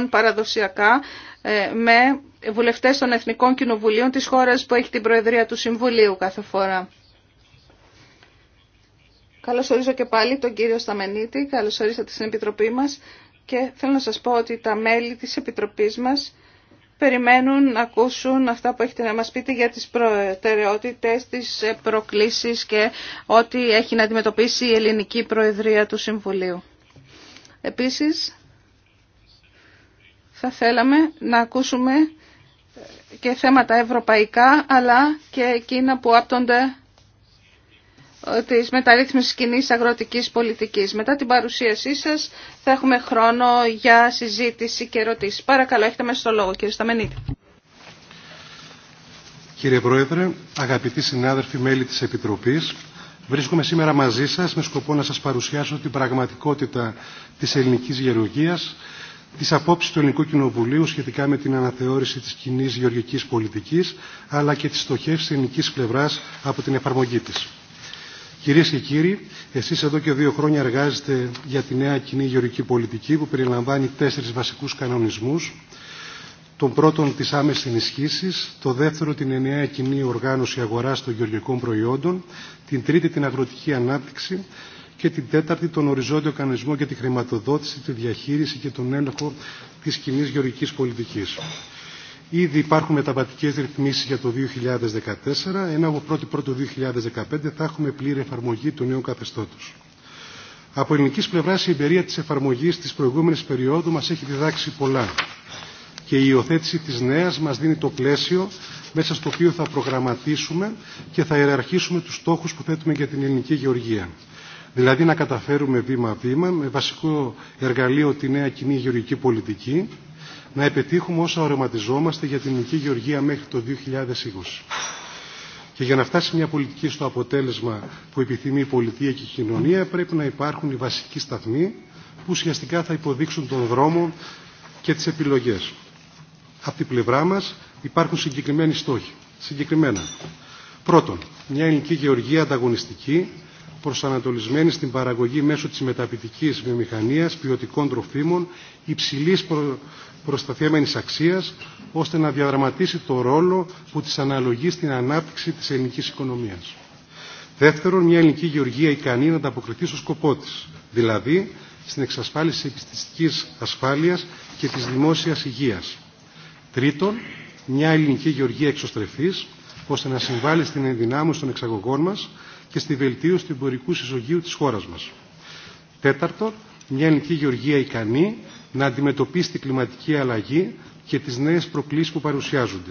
Λοιπόν, παραδοσιακά ε, με βουλευτές των Εθνικών Κοινοβουλίων της χώρας που έχει την Προεδρία του Συμβουλίου κάθε φορά. Καλώς ορίζω και πάλι τον κύριο Σταμενίτη, καλώς ορίσατε στην Επιτροπή μας και θέλω να σας πω ότι τα μέλη της Επιτροπής μας περιμένουν να ακούσουν αυτά που έχετε να μας πείτε για τις προτεραιότητες, τις προκλήσεις και ό,τι έχει να αντιμετωπίσει η Ελληνική Προεδρία του Συμβουλίου. Επίσης, θα θέλαμε να ακούσουμε και θέματα ευρωπαϊκά, αλλά και εκείνα που άπτονται της μεταρρύθμισης κοινή αγροτικής πολιτικής. Μετά την παρουσίασή σας θα έχουμε χρόνο για συζήτηση και ερωτήσεις. Παρακαλώ, έχετε μέσα στο λόγο, κύριε Σταμενίτη. Κύριε Πρόεδρε, αγαπητοί συνάδελφοι μέλη της Επιτροπής, βρίσκομαι σήμερα μαζί σας με σκοπό να σας παρουσιάσω την πραγματικότητα της ελληνικής γεωργίας τις απόψεις του Ελληνικού Κοινοβουλίου σχετικά με την αναθεώρηση της κοινή γεωργικής πολιτικής, αλλά και τις στοχεύσεις ελληνικής πλευράς από την εφαρμογή της. Κυρίες και κύριοι, εσείς εδώ και δύο χρόνια εργάζεστε για τη νέα κοινή γεωργική πολιτική που περιλαμβάνει τέσσερις βασικούς κανονισμούς. Τον πρώτον τις άμεσες ενισχύσεις, το δεύτερο την ενιαία κοινή οργάνωση αγοράς των γεωργικών προϊόντων, την τρίτη την αγροτική ανάπτυξη, και την τέταρτη τον οριζόντιο κανονισμό για τη χρηματοδότηση, τη διαχείριση και τον έλεγχο της κοινή γεωργικής πολιτικής. Ήδη υπάρχουν μεταβατικές ρυθμίσεις για το 2014, ενώ από 1η 2015 θα έχουμε πλήρη εφαρμογή του νέου καθεστώτος. Από ελληνική πλευρά η εμπειρία της εφαρμογής της προηγούμενης περίοδου μας έχει διδάξει πολλά και η υιοθέτηση της νέας μας δίνει το πλαίσιο μέσα στο οποίο θα προγραμματίσουμε και θα ιεραρχήσουμε τους στόχους που θέτουμε για την ελληνική γεωργία δηλαδή να καταφέρουμε βήμα-βήμα με βασικό εργαλείο τη νέα κοινή γεωργική πολιτική να επιτύχουμε όσα ορεματιζόμαστε για την ελληνική γεωργία μέχρι το 2020. Και για να φτάσει μια πολιτική στο αποτέλεσμα που επιθυμεί η πολιτεία και η κοινωνία πρέπει να υπάρχουν οι βασικοί σταθμοί που ουσιαστικά θα υποδείξουν τον δρόμο και τις επιλογές. Από την πλευρά μας υπάρχουν συγκεκριμένοι στόχοι. Συγκεκριμένα. Πρώτον, μια ελληνική γεωργία ανταγωνιστική προσανατολισμένη στην παραγωγή μέσω της μεταπητικής βιομηχανίας ποιοτικών τροφίμων υψηλής προ... προστατευμένης αξίας, ώστε να διαδραματίσει το ρόλο που της αναλογεί στην ανάπτυξη της ελληνικής οικονομίας. Δεύτερον, μια ελληνική γεωργία ικανή να ανταποκριθεί στο σκοπό της, δηλαδή στην εξασφάλιση της επιστηστικής ασφάλειας και της δημόσιας υγείας. Τρίτον, μια ελληνική γεωργία εξωστρεφής, ώστε να συμβάλλει στην ενδυνάμωση των εξαγωγών μας, και στη βελτίωση του εμπορικού συζωγίου της χώρας μας. Τέταρτον, μια ελληνική γεωργία ικανή να αντιμετωπίσει την κλιματική αλλαγή και τις νέες προκλήσεις που παρουσιάζονται.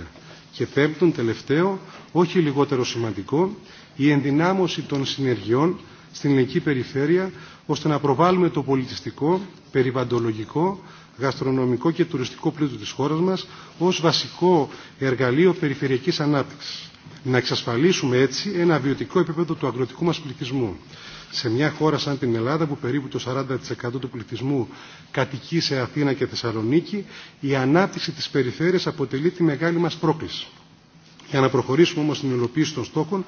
Και πέμπτον, τελευταίο, όχι λιγότερο σημαντικό, η ενδυνάμωση των συνεργειών στην ελληνική περιφέρεια, ώστε να προβάλλουμε το πολιτιστικό, περιβαντολογικό, γαστρονομικό και τουριστικό πλούτο της χώρας μας ως βασικό εργαλείο περιφερειακής ανάπτυξης να εξασφαλίσουμε έτσι ένα βιωτικό επίπεδο του αγροτικού μας πληθυσμού. Σε μια χώρα σαν την Ελλάδα που περίπου το 40% του πληθυσμού κατοικεί σε Αθήνα και Θεσσαλονίκη, η ανάπτυξη της περιφέρειας αποτελεί τη μεγάλη μας πρόκληση. Για να προχωρήσουμε όμως στην υλοποίηση των στόχων,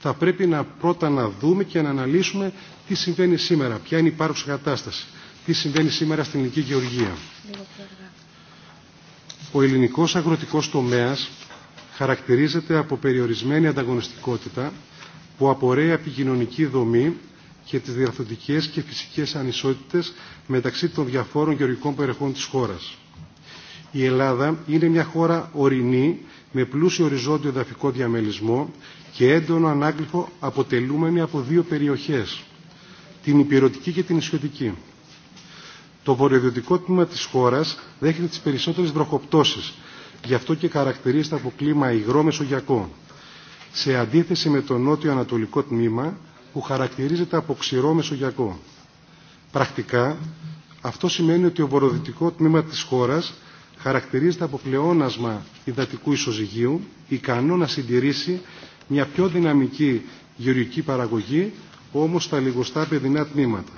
θα πρέπει να πρώτα να δούμε και να αναλύσουμε τι συμβαίνει σήμερα, ποια είναι η υπάρχουσα κατάσταση, τι συμβαίνει σήμερα στην ελληνική γεωργία. Ο ελληνικός αγροτικός τομέας χαρακτηρίζεται από περιορισμένη ανταγωνιστικότητα που απορρέει από κοινωνική δομή και τις διαρθωτικές και φυσικές ανισότητες μεταξύ των διαφόρων γεωργικών περιοχών της χώρας. Η Ελλάδα είναι μια χώρα ορεινή με πλούσιο οριζόντιο εδαφικό διαμελισμό και έντονο ανάγκληφο αποτελούμενη από δύο περιοχές, την υπηρετική και την ισιωτική. Το βορειοδυτικό τμήμα της χώρας δέχεται τις περισσότερες βροχοπτώσεις γι' αυτό και χαρακτηρίζεται από κλίμα υγρό μεσογειακό, σε αντίθεση με το νότιο-ανατολικό τμήμα που χαρακτηρίζεται από ξηρό μεσογειακό. Πρακτικά, αυτό σημαίνει ότι ο βοροδυτικό τμήμα της χώρας χαρακτηρίζεται από πλεόνασμα υδατικού ισοζυγίου, ικανό να συντηρήσει μια πιο δυναμική γεωργική παραγωγή, όμως στα λιγοστά παιδινά τμήματα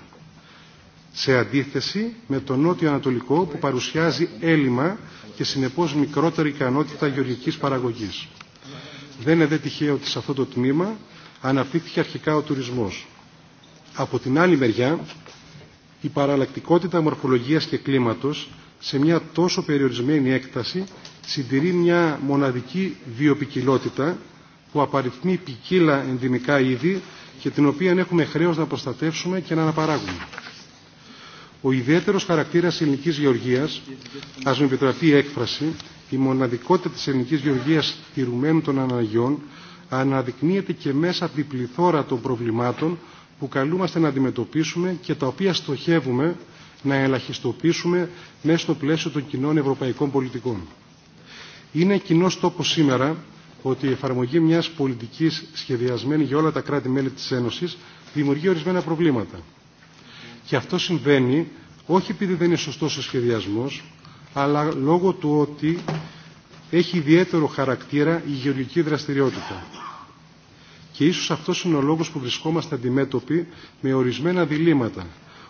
σε αντίθεση με τον νότιο ανατολικό που παρουσιάζει έλλειμμα και συνεπώς μικρότερη ικανότητα γεωργικής παραγωγής. Δεν είναι δε τυχαίο ότι σε αυτό το τμήμα αναπτύχθηκε αρχικά ο τουρισμός. Από την άλλη μεριά, η παραλλακτικότητα μορφολογίας και κλίματος σε μια τόσο περιορισμένη έκταση συντηρεί μια μοναδική βιοπικιλότητα που απαριθμεί ποικίλα ενδυμικά είδη και την οποία έχουμε χρέος να προστατεύσουμε και να αναπαράγουμε ο ιδιαίτερος χαρακτήρας ελληνικής γεωργίας, ας μου επιτραπεί η έκφραση, η μοναδικότητα της ελληνικής γεωργίας τηρουμένου των αναγιών, αναδεικνύεται και μέσα από την πληθώρα των προβλημάτων που καλούμαστε να αντιμετωπίσουμε και τα οποία στοχεύουμε να ελαχιστοποιήσουμε μέσα στο πλαίσιο των κοινών ευρωπαϊκών πολιτικών. Είναι κοινό τόπο σήμερα ότι η εφαρμογή μια πολιτικής σχεδιασμένη για όλα τα κράτη-μέλη της Ένωσης δημιουργεί ορισμένα προβλήματα. Και αυτό συμβαίνει όχι επειδή δεν είναι σωστός ο σχεδιασμός, αλλά λόγω του ότι έχει ιδιαίτερο χαρακτήρα η γεωργική δραστηριότητα. Και ίσως αυτός είναι ο λόγος που βρισκόμαστε αντιμέτωποι με ορισμένα διλήμματα,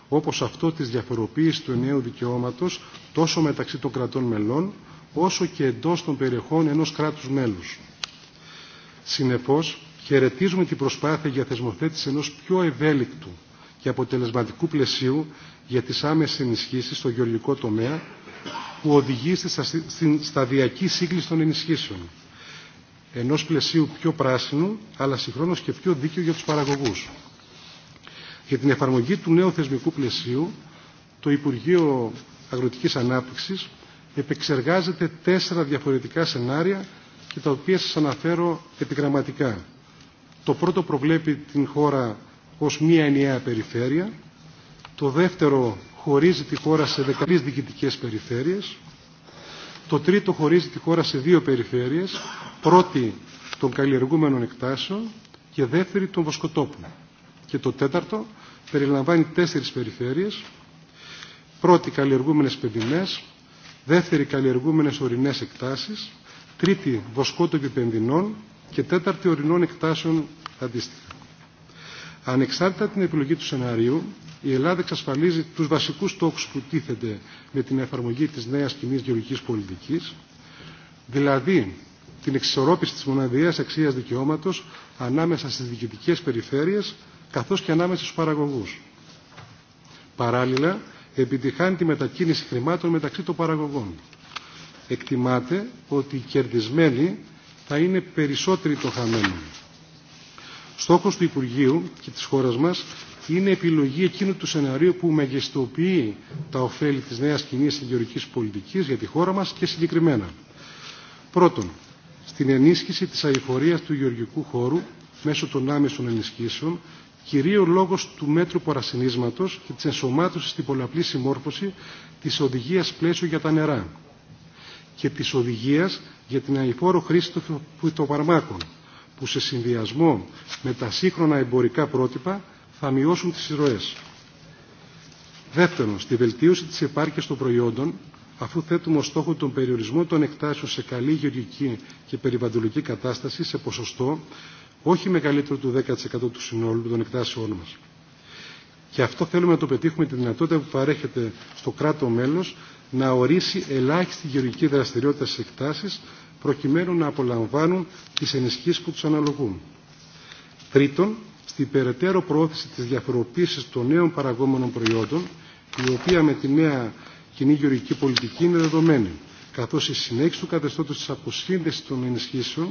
όπως αυτό της διαφοροποίησης του νέου δικαιώματος τόσο μεταξύ των κρατών μελών, όσο και εντός των περιεχών ενός κράτους μέλους. Συνεπώς, χαιρετίζουμε την προσπάθεια για θεσμοθέτηση ενός πιο ευέλικτου και αποτελεσματικού πλαισίου για τις άμεσες ενισχύσεις στο γεωργικό τομέα που οδηγεί στην σταδιακή σύγκληση των ενισχύσεων ενός πλαισίου πιο πράσινου αλλά συγχρόνως και πιο δίκαιο για τους παραγωγούς. Για την εφαρμογή του νέου θεσμικού πλαισίου το Υπουργείο Αγροτικής Ανάπτυξης επεξεργάζεται τέσσερα διαφορετικά σενάρια και τα οποία σας αναφέρω επιγραμματικά. Το πρώτο προβλέπει την χώρα ως μία ενιαία περιφέρεια. Το δεύτερο χωρίζει τη χώρα σε 13 διοικητικές περιφέρειες. Το τρίτο χωρίζει τη χώρα σε δύο περιφέρειες, πρώτη των καλλιεργούμενων εκτάσεων και δεύτερη των βοσκοτόπων. Και το τέταρτο περιλαμβάνει τέσσερις περιφέρειες, πρώτη καλλιεργούμενες πεδινές, δεύτερη καλλιεργούμενες ορεινές εκτάσεις, τρίτη βοσκότοπη παιδινών και τέταρτη ορεινών εκτάσεων αντίστοιχα. Ανεξάρτητα την επιλογή του σενάριου, η Ελλάδα εξασφαλίζει του βασικού στόχου που τίθενται με την εφαρμογή της νέα κοινή γεωργική πολιτική, δηλαδή την εξισορρόπηση της μοναδιαία αξίας δικαιώματο ανάμεσα στι διοικητικέ περιφέρειε, καθώς και ανάμεσα στου παραγωγού. Παράλληλα, επιτυχάνει τη μετακίνηση χρημάτων μεταξύ των παραγωγών. Εκτιμάται ότι οι κερδισμένοι θα είναι περισσότεροι των χαμένων. Στόχος του Υπουργείου και της χώρας μας είναι επιλογή εκείνου του σενάριου που μεγιστοποιεί τα ωφέλη της νέας κοινή γεωργικής πολιτικής για τη χώρα μας και συγκεκριμένα. Πρώτον, στην ενίσχυση της αηφορίας του γεωργικού χώρου μέσω των άμεσων ενισχύσεων, κυρίω λόγος του μέτρου παρασυνίσματος και της ενσωμάτωσης στην πολλαπλή συμμόρφωση της οδηγίας πλαίσιο για τα νερά και της οδηγίας για την αηφόρο χρήση των φυτοπαρμάκων που σε συνδυασμό με τα σύγχρονα εμπορικά πρότυπα θα μειώσουν τις ροές. Δεύτερον, στη βελτίωση της επάρκειας των προϊόντων, αφού θέτουμε ως στόχο τον περιορισμό των εκτάσεων σε καλή γεωργική και περιβαλλοντική κατάσταση σε ποσοστό όχι μεγαλύτερο του 10% του συνόλου των εκτάσεών μας. Και αυτό θέλουμε να το πετύχουμε τη δυνατότητα που παρέχεται στο κράτο μέλος να ορίσει ελάχιστη γεωργική δραστηριότητα στις εκτάσεις προκειμένου να απολαμβάνουν τις ενισχύσεις που τους αναλογούν. Τρίτον, στην περαιτέρω προώθηση της διαφοροποίησης των νέων παραγόμενων προϊόντων, η οποία με τη νέα κοινή γεωργική πολιτική είναι δεδομένη, καθώς η συνέχιση του καθεστώτος της αποσύνδεσης των ενισχύσεων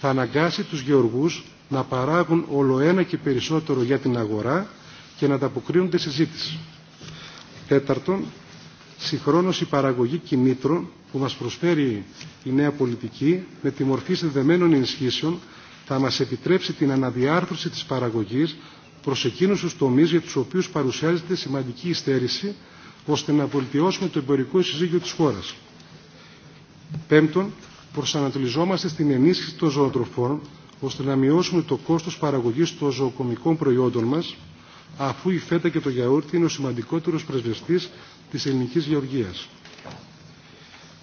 θα αναγκάσει τους γεωργούς να παράγουν όλο ένα και περισσότερο για την αγορά και να ανταποκρίνονται στη ζήτηση. Τέταρτον, συγχρόνως η παραγωγή κινήτρων που μας προσφέρει η νέα πολιτική με τη μορφή συνδεμένων ενισχύσεων θα μας επιτρέψει την αναδιάρθρωση της παραγωγής προς εκείνους τους τομείς για τους οποίους παρουσιάζεται σημαντική υστέρηση ώστε να βελτιώσουμε το εμπορικό συζύγιο της χώρας. Πέμπτον, προσανατολιζόμαστε στην ενίσχυση των ζωοτροφών ώστε να μειώσουμε το κόστος παραγωγής των ζωοκομικών προϊόντων μας αφού η φέτα και το γιαούρτι είναι ο σημαντικότερος πρεσβευτής της ελληνικής γεωργίας.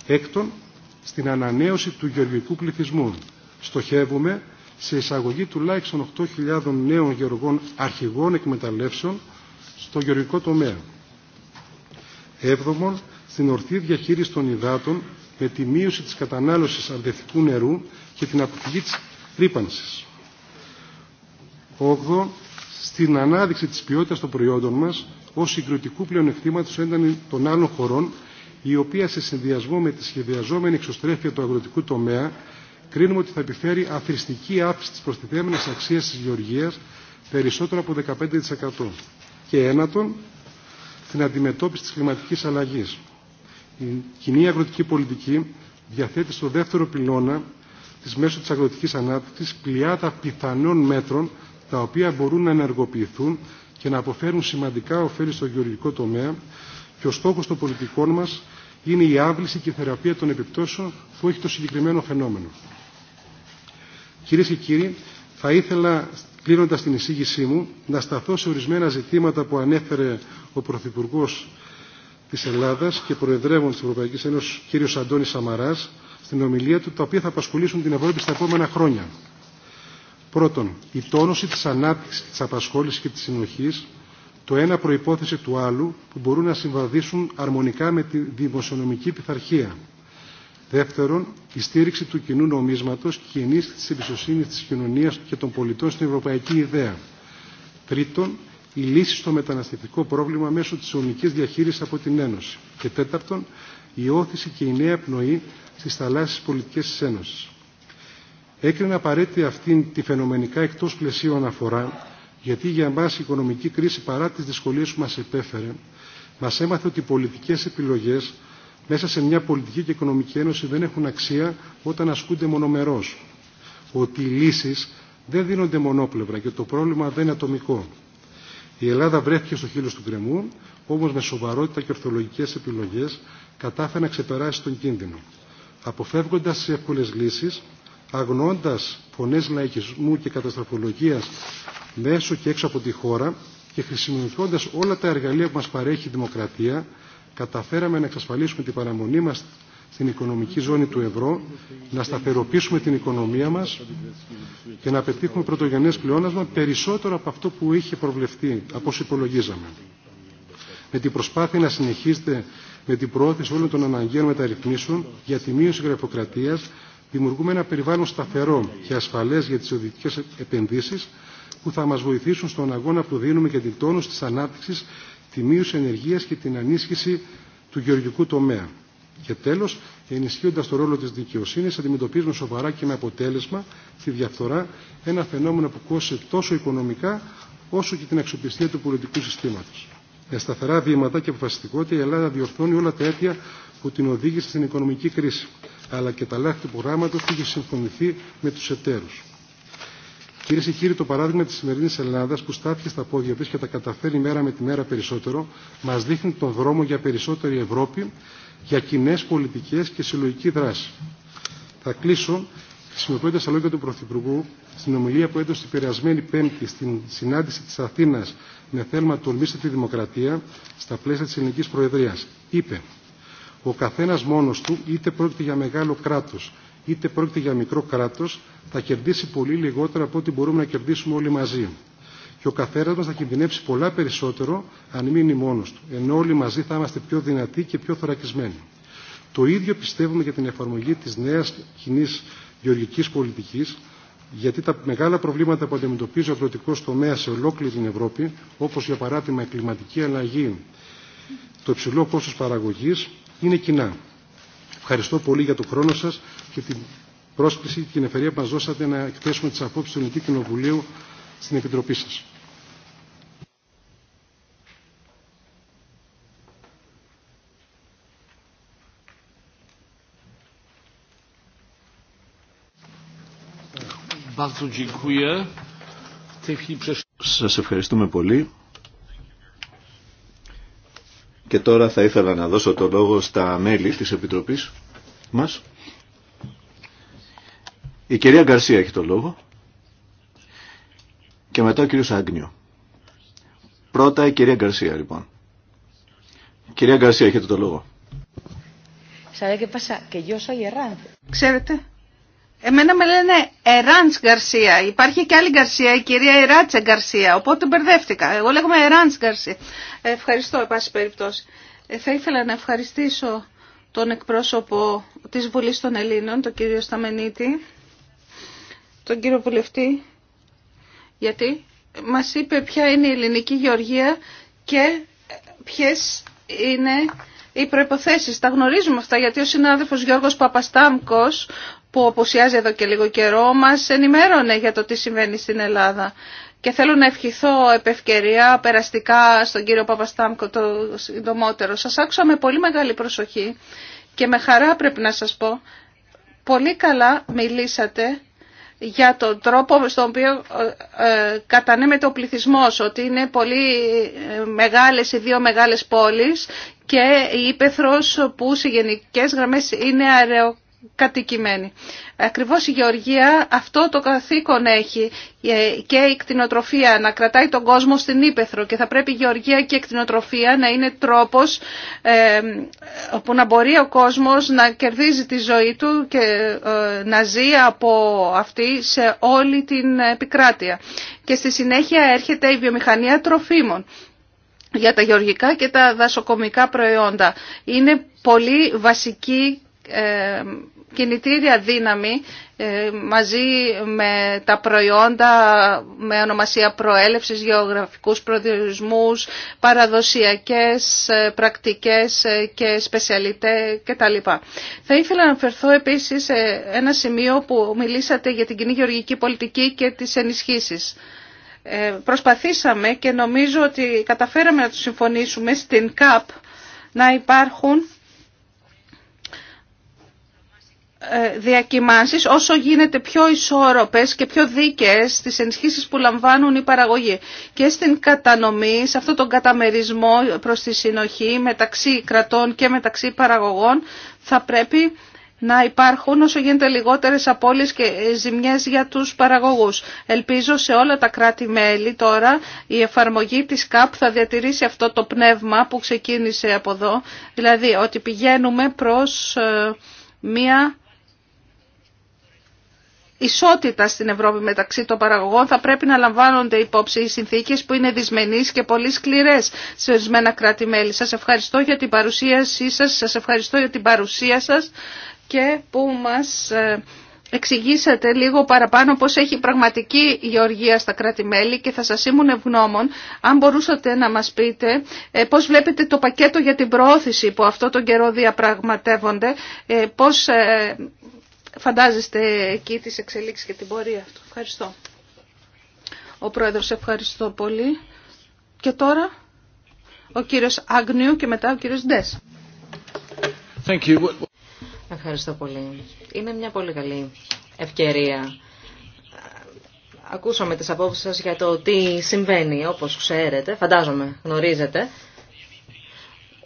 Έκτον, στην ανανέωση του γεωργικού πληθυσμού στοχεύουμε σε εισαγωγή τουλάχιστον 8.000 νέων γεωργών αρχηγών εκμεταλλεύσεων στο γεωργικό τομέα. Έβδομον, στην ορθή διαχείριση των υδάτων με τη μείωση της κατανάλωσης αρδευτικού νερού και την αποφυγή της ρήπανσης. Όγδο, στην ανάδειξη της ποιότητας των προϊόντων μας ως συγκριτικού πλεονεκτήματος έναντι των άλλων χωρών, η οποία σε συνδυασμό με τη σχεδιαζόμενη εξωστρέφεια του αγροτικού τομέα κρίνουμε ότι θα επιφέρει αθρηστική αύξηση της προστιθέμενης αξίας της γεωργίας περισσότερο από 15%. Και ένατον, την αντιμετώπιση της κλιματικής αλλαγής. Η κοινή αγροτική πολιτική διαθέτει στο δεύτερο πυλώνα της μέσω της αγροτικής ανάπτυξης πλειάδα πιθανών μέτρων τα οποία μπορούν να ενεργοποιηθούν και να αποφέρουν σημαντικά ωφέλη στο γεωργικό τομέα και ο στόχος των πολιτικών μας είναι η άβληση και η θεραπεία των επιπτώσεων που έχει το συγκεκριμένο φαινόμενο. Κυρίε και κύριοι, θα ήθελα, κλείνοντα την εισήγησή μου, να σταθώ σε ορισμένα ζητήματα που ανέφερε ο Πρωθυπουργό τη Ελλάδα και Προεδρεύων τη Ευρωπαϊκή Ένωση, κ. Αντώνη Σαμαρά, στην ομιλία του, τα οποία θα απασχολήσουν την Ευρώπη στα επόμενα χρόνια. Πρώτον, η τόνωση της ανάπτυξης, της απασχόλησης και της συνοχής, το ένα προϋπόθεση του άλλου που μπορούν να συμβαδίσουν αρμονικά με τη δημοσιονομική πειθαρχία. Δεύτερον, η στήριξη του κοινού νομίσματος και η ενίσχυση της Εμπιστοσύνη της κοινωνίας και των πολιτών στην ευρωπαϊκή ιδέα. Τρίτον, η λύση στο μεταναστευτικό πρόβλημα μέσω της ομικής διαχείρισης από την Ένωση. Και τέταρτον, η όθηση και η νέα πνοή στις θαλάσσιες πολιτικές της Ένωσης έκρινε απαραίτητη αυτή τη φαινομενικά εκτός πλαισίου αναφορά, γιατί για εμάς η οικονομική κρίση παρά τις δυσκολίες που μας επέφερε, μας έμαθε ότι οι πολιτικές επιλογές μέσα σε μια πολιτική και οικονομική ένωση δεν έχουν αξία όταν ασκούνται μονομερώς. Ότι οι λύσεις δεν δίνονται μονόπλευρα και το πρόβλημα δεν είναι ατομικό. Η Ελλάδα βρέθηκε στο χείλος του γκρεμού, όμως με σοβαρότητα και ορθολογικές επιλογές κατάφερε να ξεπεράσει τον κίνδυνο, αποφεύγοντα τι εύκολε λύσει αγνοώντας φωνές λαϊκισμού και καταστραφολογίας μέσω και έξω από τη χώρα και χρησιμοποιώντας όλα τα εργαλεία που μας παρέχει η δημοκρατία, καταφέραμε να εξασφαλίσουμε την παραμονή μας στην οικονομική ζώνη του ευρώ, να σταθεροποιήσουμε την οικονομία μας και να πετύχουμε πρωτογενές πλεόνασμα περισσότερο από αυτό που είχε προβλεφτεί, από όσο υπολογίζαμε. Με την προσπάθεια να συνεχίσετε με την προώθηση όλων των αναγκαίων μεταρρυθμίσεων για τη μείωση γραφειοκρατίας, δημιουργούμε ένα περιβάλλον σταθερό και ασφαλέ για τι ιδιωτικέ επενδύσει που θα μα βοηθήσουν στον αγώνα που δίνουμε για την τόνωση τη ανάπτυξη, τη μείωση ενεργεία και την ανίσχυση του γεωργικού τομέα. Και τέλο, ενισχύοντα το ρόλο τη δικαιοσύνη, αντιμετωπίζουμε σοβαρά και με αποτέλεσμα τη διαφθορά, ένα φαινόμενο που κόσσε τόσο οικονομικά όσο και την αξιοπιστία του πολιτικού συστήματο. Με σταθερά βήματα και αποφασιστικότητα η Ελλάδα διορθώνει όλα τα αίτια που την οδήγησε στην οικονομική κρίση αλλά και τα λάθη του προγράμματο που είχε συμφωνηθεί με του εταίρου. Κυρίε και κύριοι, το παράδειγμα τη σημερινή Ελλάδα που στάθηκε στα πόδια τη και τα καταφέρει μέρα με τη μέρα περισσότερο, μα δείχνει τον δρόμο για περισσότερη Ευρώπη, για κοινέ πολιτικέ και συλλογική δράση. Θα κλείσω χρησιμοποιώντα τα λόγια του Πρωθυπουργού στην ομιλία που έδωσε την περασμένη Πέμπτη στην συνάντηση τη Αθήνα με θέμα τολμήστε τη δημοκρατία στα πλαίσια τη ελληνική προεδρία. Είπε, ο καθένας μόνος του, είτε πρόκειται για μεγάλο κράτος, είτε πρόκειται για μικρό κράτος, θα κερδίσει πολύ λιγότερα από ό,τι μπορούμε να κερδίσουμε όλοι μαζί. Και ο καθένας μας θα κινδυνεύσει πολλά περισσότερο αν μείνει μόνος του, ενώ όλοι μαζί θα είμαστε πιο δυνατοί και πιο θωρακισμένοι. Το ίδιο πιστεύουμε για την εφαρμογή της νέας κοινή γεωργικής πολιτικής, γιατί τα μεγάλα προβλήματα που αντιμετωπίζει ο αγροτικό τομέα σε ολόκληρη την Ευρώπη, όπω για παράδειγμα η κλιματική αλλαγή, το υψηλό κόστο παραγωγή, είναι κοινά. Ευχαριστώ πολύ για τον χρόνο σας και την πρόσκληση και την ευκαιρία που μας δώσατε να εκθέσουμε τις απόψεις του Ελληνικού Κοινοβουλίου στην Επιτροπή σας. Σας ευχαριστούμε πολύ. Και τώρα θα ήθελα να δώσω το λόγο στα μέλη της Επιτροπής μας. Η κυρία Γκαρσία έχει το λόγο και μετά ο κύριος Άγνιο. Πρώτα η κυρία Γκαρσία λοιπόν. Κυρία Γκαρσία έχετε το λόγο. Ξέρετε Εμένα με λένε Εράντς Γκαρσία. Υπάρχει και άλλη Γκαρσία, η κυρία Εράτσε Γκαρσία. Οπότε μπερδεύτηκα. Εγώ λέγομαι Εράντς Γκαρσία. Ε, ευχαριστώ, εν πάση περιπτώσει. Ε, θα ήθελα να ευχαριστήσω τον εκπρόσωπο της Βουλής των Ελλήνων, τον κύριο Σταμενίτη, τον κύριο Βουλευτή, γιατί μας είπε ποια είναι η ελληνική γεωργία και ποιες είναι οι προϋποθέσεις. Τα γνωρίζουμε αυτά γιατί ο συνάδελφος Γιώργος Παπαστάμκος που αποσιάζει εδώ και λίγο καιρό μας ενημέρωνε για το τι συμβαίνει στην Ελλάδα. Και θέλω να ευχηθώ επευκαιρία περαστικά στον κύριο Παπαστάμκο το συντομότερο. Σας άκουσα με πολύ μεγάλη προσοχή και με χαρά πρέπει να σας πω. Πολύ καλά μιλήσατε για τον τρόπο στον οποίο ε, ε, κατανέμεται ο πληθυσμός, ότι είναι πολύ ε, μεγάλες οι δύο μεγάλες πόλεις και η ύπεθρος που σε γενικές γραμμές είναι αραιοκίνητη κατοικημένη. Ακριβώς η Γεωργία αυτό το καθήκον έχει και η κτηνοτροφία να κρατάει τον κόσμο στην ύπεθρο και θα πρέπει η Γεωργία και η κτηνοτροφία να είναι τρόπος ε, που να μπορεί ο κόσμος να κερδίζει τη ζωή του και ε, να ζει από αυτή σε όλη την επικράτεια. Και στη συνέχεια έρχεται η βιομηχανία τροφίμων για τα γεωργικά και τα δασοκομικά προϊόντα. Είναι πολύ βασική ε, κινητήρια δύναμη ε, μαζί με τα προϊόντα με ονομασία προέλευσης, γεωγραφικούς προδιορισμούς, παραδοσιακές ε, πρακτικές και σπεσιαλιτέ κτλ. Θα ήθελα να αναφερθώ επίσης σε ένα σημείο που μιλήσατε για την κοινή γεωργική πολιτική και τις ενισχύσεις. Προσπαθήσαμε και νομίζω ότι καταφέραμε να τους συμφωνήσουμε στην ΚΑΠ να υπάρχουν ε, διακοιμάνσεις όσο γίνεται πιο ισόρροπες και πιο δίκαιες στις ενισχύσεις που λαμβάνουν οι παραγωγοί και στην κατανομή, σε αυτόν τον καταμερισμό προς τη συνοχή μεταξύ κρατών και μεταξύ παραγωγών θα πρέπει να υπάρχουν όσο γίνεται λιγότερες απώλειες και ζημιές για τους παραγωγούς. Ελπίζω σε όλα τα κράτη-μέλη τώρα η εφαρμογή της ΚΑΠ θα διατηρήσει αυτό το πνεύμα που ξεκίνησε από εδώ, δηλαδή ότι πηγαίνουμε προς ε, μία ισότητα στην Ευρώπη μεταξύ των παραγωγών θα πρέπει να λαμβάνονται υπόψη οι συνθήκε που είναι δυσμενεί και πολύ σκληρέ σε ορισμένα κράτη-μέλη. Σας ευχαριστώ για την παρουσίασή σα, σα ευχαριστώ για την παρουσία σα και που μα ε, εξηγήσατε λίγο παραπάνω πώς έχει πραγματική γεωργία στα κράτη-μέλη και θα σας ήμουν ευγνώμων αν μπορούσατε να μας πείτε ε, πώς βλέπετε το πακέτο για την προώθηση που αυτό τον καιρό διαπραγματεύονται, ε, πώς φαντάζεστε εκεί τις εξελίξεις και την πορεία του. Ευχαριστώ. Ο Πρόεδρος, ευχαριστώ πολύ. Και τώρα ο κύριος Άγνιου και μετά ο κύριος Ντές. Ευχαριστώ πολύ. Είναι μια πολύ καλή ευκαιρία. Ακούσαμε τις απόψεις σας για το τι συμβαίνει, όπως ξέρετε, φαντάζομαι, γνωρίζετε.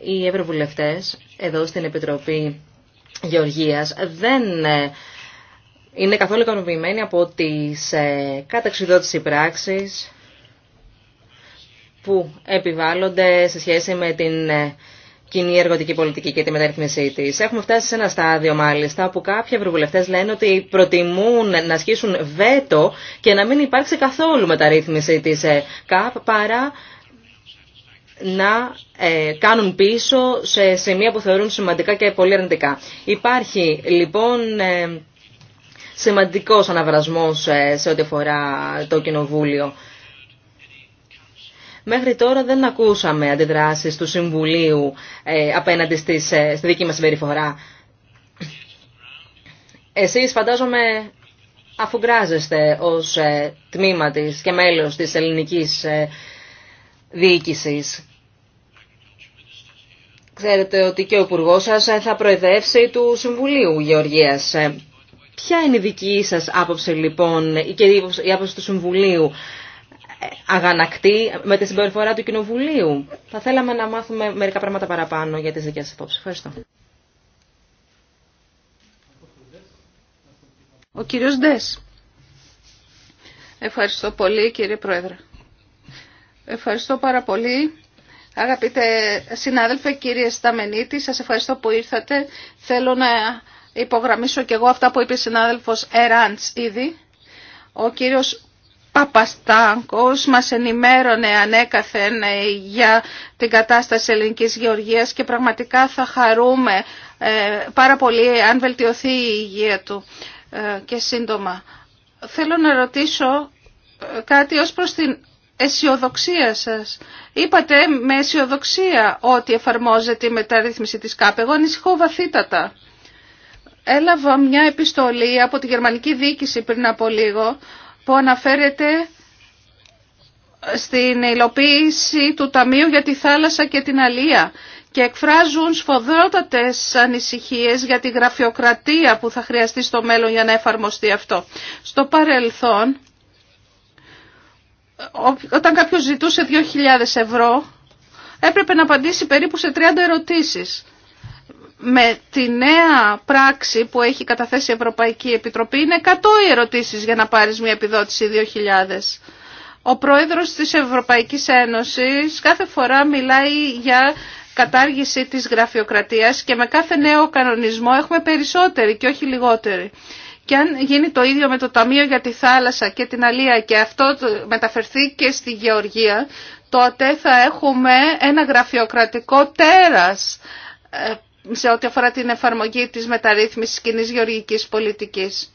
Οι ευρωβουλευτές εδώ στην Επιτροπή Γεωργίας δεν ε, είναι καθόλου ικανοποιημένη από τις ε, καταξιδότηση πράξεις που επιβάλλονται σε σχέση με την ε, κοινή εργοτική πολιτική και τη μεταρρύθμισή τη. Έχουμε φτάσει σε ένα στάδιο μάλιστα που κάποιοι ευρωβουλευτέ λένε ότι προτιμούν να ασκήσουν βέτο και να μην υπάρξει καθόλου μεταρρύθμιση τη ε, ΚΑΠ παρά να ε, κάνουν πίσω σε σημεία που θεωρούν σημαντικά και πολύ αρνητικά. Υπάρχει λοιπόν ε, σημαντικός αναβρασμός ε, σε ό,τι αφορά το Κοινοβούλιο. Μέχρι τώρα δεν ακούσαμε αντιδράσεις του Συμβουλίου απέναντι στις, στη δική μας συμπεριφορά. Εσείς φαντάζομαι αφού γκράζεστε ως τμήμα της και μέλος της ελληνικής διοίκησης. Ξέρετε ότι και ο υπουργό σα θα προεδρεύσει του Συμβουλίου Γεωργίας. Ποια είναι η δική σας άποψη λοιπόν και η άποψη του Συμβουλίου ε, αγανακτή με τη συμπεριφορά του Κοινοβουλίου. Θα θέλαμε να μάθουμε μερικά πράγματα παραπάνω για τις δικές σας απόψεις. Ευχαριστώ. Ο κύριος Ντέ. Ευχαριστώ πολύ κύριε Πρόεδρε. Ευχαριστώ πάρα πολύ. Αγαπητέ συνάδελφε, κύριε Σταμενίτη, σας ευχαριστώ που ήρθατε. Θέλω να υπογραμμίσω και εγώ αυτά που είπε η συνάδελφος Εράντς ήδη. Ο κύριος Παπαστάνκος μας ενημέρωνε ανέκαθεν ε, για την κατάσταση ελληνικής γεωργίας και πραγματικά θα χαρούμε ε, πάρα πολύ αν βελτιωθεί η υγεία του ε, και σύντομα. Θέλω να ρωτήσω κάτι ως προς την αισιοδοξία σας. Είπατε με αισιοδοξία ότι εφαρμόζεται η μεταρρύθμιση της ΚΑΠ. Εγώ ανησυχώ βαθύτατα. Έλαβα μια επιστολή από τη γερμανική διοίκηση πριν από λίγο που αναφέρεται στην υλοποίηση του Ταμείου για τη Θάλασσα και την Αλία και εκφράζουν σφοδρότατες ανησυχίες για τη γραφειοκρατία που θα χρειαστεί στο μέλλον για να εφαρμοστεί αυτό. Στο παρελθόν όταν κάποιος ζητούσε 2.000 ευρώ έπρεπε να απαντήσει περίπου σε 30 ερωτήσεις. Με τη νέα πράξη που έχει καταθέσει η Ευρωπαϊκή Επιτροπή είναι 100 οι ερωτήσεις για να πάρεις μια επιδότηση 2.000. Ο πρόεδρος της Ευρωπαϊκής Ένωσης κάθε φορά μιλάει για κατάργηση της γραφειοκρατίας και με κάθε νέο κανονισμό έχουμε περισσότεροι και όχι λιγότεροι. Και αν γίνει το ίδιο με το Ταμείο για τη Θάλασσα και την Αλία και αυτό μεταφερθεί και στη Γεωργία, τότε θα έχουμε ένα γραφειοκρατικό τέρας ε, σε ό,τι αφορά την εφαρμογή της μεταρρύθμισης κοινή γεωργικής πολιτικής.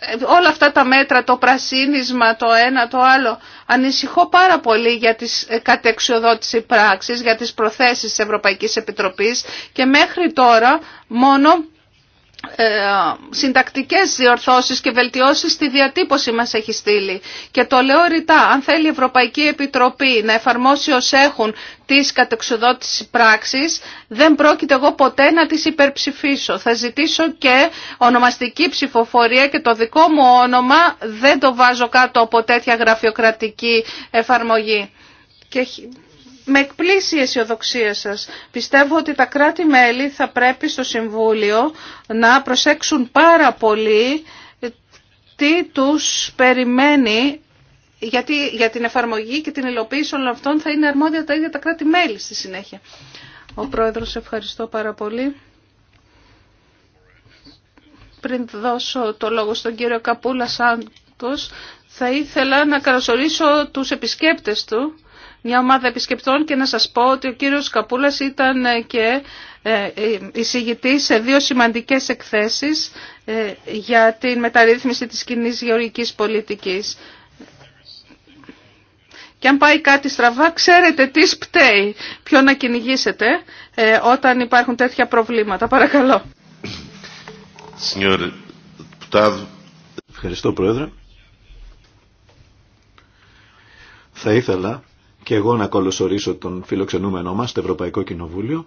Ε, όλα αυτά τα μέτρα, το πρασίνισμα, το ένα, το άλλο, ανησυχώ πάρα πολύ για τις ε, κατεξιοδότηση πράξεις, για τις προθέσεις της Ευρωπαϊκής Επιτροπής και μέχρι τώρα μόνο ε, συντακτικές διορθώσεις και βελτιώσεις στη διατύπωση μας έχει στείλει. Και το λέω ρητά, αν θέλει η Ευρωπαϊκή Επιτροπή να εφαρμόσει ως έχουν τις κατεξοδότηση πράξεις, δεν πρόκειται εγώ ποτέ να τις υπερψηφίσω. Θα ζητήσω και ονομαστική ψηφοφορία και το δικό μου όνομα δεν το βάζω κάτω από τέτοια γραφειοκρατική εφαρμογή με εκπλήσει η αισιοδοξία σας. Πιστεύω ότι τα κράτη-μέλη θα πρέπει στο Συμβούλιο να προσέξουν πάρα πολύ τι τους περιμένει γιατί για την εφαρμογή και την υλοποίηση όλων αυτών θα είναι αρμόδια τα ίδια τα κράτη-μέλη στη συνέχεια. Ο Πρόεδρος, ευχαριστώ πάρα πολύ. Πριν δώσω το λόγο στον κύριο Καπούλα Σάντος, θα ήθελα να καλωσορίσω τους επισκέπτες του μια ομάδα επισκεπτών και να σας πω ότι ο κύριος Καπούλας ήταν και ε, εισηγητή σε δύο σημαντικές εκθέσεις ε, για την μεταρρύθμιση της κοινή γεωργικής πολιτικής. Και αν πάει κάτι στραβά, ξέρετε τι σπταίει, ποιο να κυνηγήσετε ε, όταν υπάρχουν τέτοια προβλήματα. Παρακαλώ. Ευχαριστώ Πρόεδρε. Θα ήθελα και εγώ να καλωσορίσω τον φιλοξενούμενό μας στο Ευρωπαϊκό Κοινοβούλιο.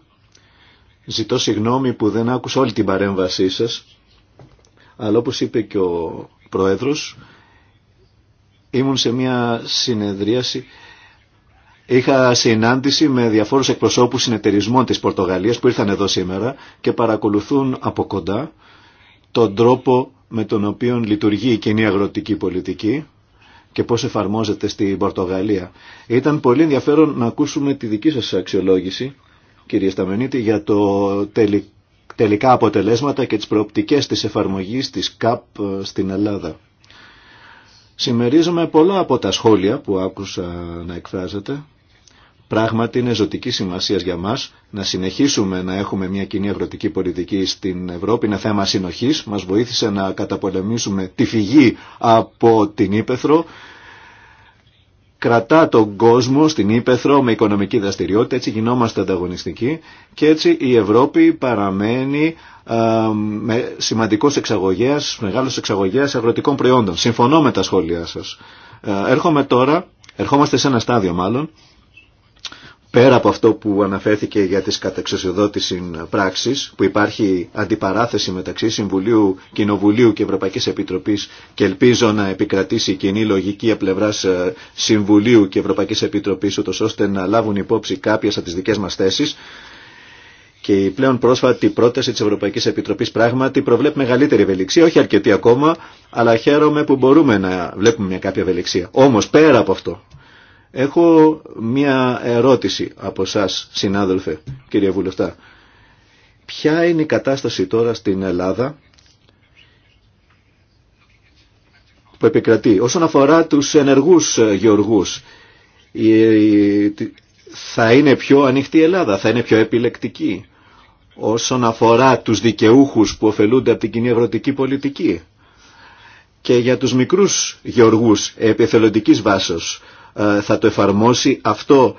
Ζητώ συγγνώμη που δεν άκουσα όλη την παρέμβασή σας, αλλά όπως είπε και ο Πρόεδρος, ήμουν σε μια συνεδρίαση, είχα συνάντηση με διαφόρους εκπροσώπους συνεταιρισμών της Πορτογαλίας που ήρθαν εδώ σήμερα και παρακολουθούν από κοντά τον τρόπο με τον οποίο λειτουργεί η κοινή αγροτική πολιτική και πώς εφαρμόζεται στην Πορτογαλία. Ήταν πολύ ενδιαφέρον να ακούσουμε τη δική σας αξιολόγηση, κύριε Σταμενίτη, για το τελικά αποτελέσματα και τις προοπτικές της εφαρμογής της ΚΑΠ ε, στην Ελλάδα. Συμμερίζομαι πολλά από τα σχόλια που άκουσα να εκφράζετε. Πράγματι είναι ζωτική σημασία για μα να συνεχίσουμε να έχουμε μια κοινή αγροτική πολιτική στην Ευρώπη. Είναι θέμα συνοχή. Μα βοήθησε να καταπολεμήσουμε τη φυγή από την Ήπεθρο. Κρατά τον κόσμο στην Ήπεθρο με οικονομική δραστηριότητα. Έτσι γινόμαστε ανταγωνιστικοί. Και έτσι η Ευρώπη παραμένει με σημαντικός εξαγωγέας, μεγάλος εξαγωγέας αγροτικών προϊόντων. Συμφωνώ με τα σχόλιά σας. Έρχομαι τώρα, ερχόμαστε σε ένα στάδιο μάλλον, πέρα από αυτό που αναφέρθηκε για τις κατεξοσιοδότηση πράξεις, που υπάρχει αντιπαράθεση μεταξύ Συμβουλίου, Κοινοβουλίου και Ευρωπαϊκής Επιτροπής και ελπίζω να επικρατήσει κοινή λογική από πλευράς ε, Συμβουλίου και Ευρωπαϊκής Επιτροπής, ώστε να λάβουν υπόψη κάποιες από τις δικές μας θέσεις, και η πλέον πρόσφατη πρόταση της Ευρωπαϊκής Επιτροπής πράγματι προβλέπει μεγαλύτερη ευελιξία, όχι αρκετή ακόμα, αλλά χαίρομαι που μπορούμε να βλέπουμε μια κάποια ευελιξία. Όμως πέρα από αυτό, Έχω μία ερώτηση από εσά, συνάδελφε, κύριε Βουλευτά. Ποια είναι η κατάσταση τώρα στην Ελλάδα που επικρατεί όσον αφορά τους ενεργούς γεωργούς. Θα είναι πιο ανοιχτή η Ελλάδα, θα είναι πιο επιλεκτική όσον αφορά τους δικαιούχους που ωφελούνται από την κοινή αγροτική πολιτική και για τους μικρούς γεωργούς επιθελοντικής βάσεως ε, θα το εφαρμόσει αυτό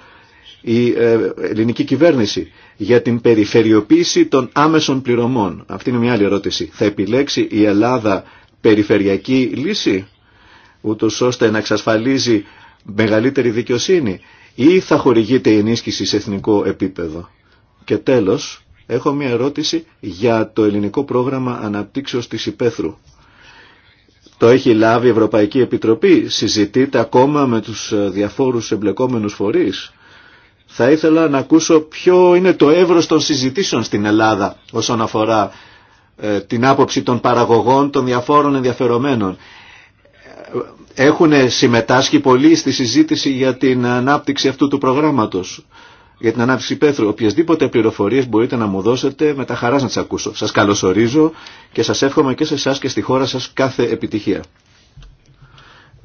η ε, ελληνική κυβέρνηση για την περιφερειοποίηση των άμεσων πληρωμών. Αυτή είναι μια άλλη ερώτηση. Θα επιλέξει η Ελλάδα περιφερειακή λύση ούτως ώστε να εξασφαλίζει μεγαλύτερη δικαιοσύνη ή θα χορηγείται η ενίσχυση σε εθνικό επίπεδο. Και τέλος, έχω μια ερώτηση για το ελληνικό πρόγραμμα αναπτύξεως της υπαίθρου. Το έχει λάβει η Ευρωπαϊκή Επιτροπή. Συζητείται ακόμα με τους ε, διαφόρους εμπλεκόμενους φορείς. Θα ήθελα να ακούσω ποιο είναι το εύρος των συζητήσεων στην Ελλάδα όσον αφορά ε, την άποψη των παραγωγών των διαφόρων ενδιαφερομένων. Έχουν συμμετάσχει πολλοί στη συζήτηση για την ανάπτυξη αυτού του προγράμματος για την ανάπτυξη πέθρου. Οποιασδήποτε πληροφορίες μπορείτε να μου δώσετε με τα χαράς να τις ακούσω. Σας καλωσορίζω και σας εύχομαι και σε εσά και στη χώρα σας κάθε επιτυχία.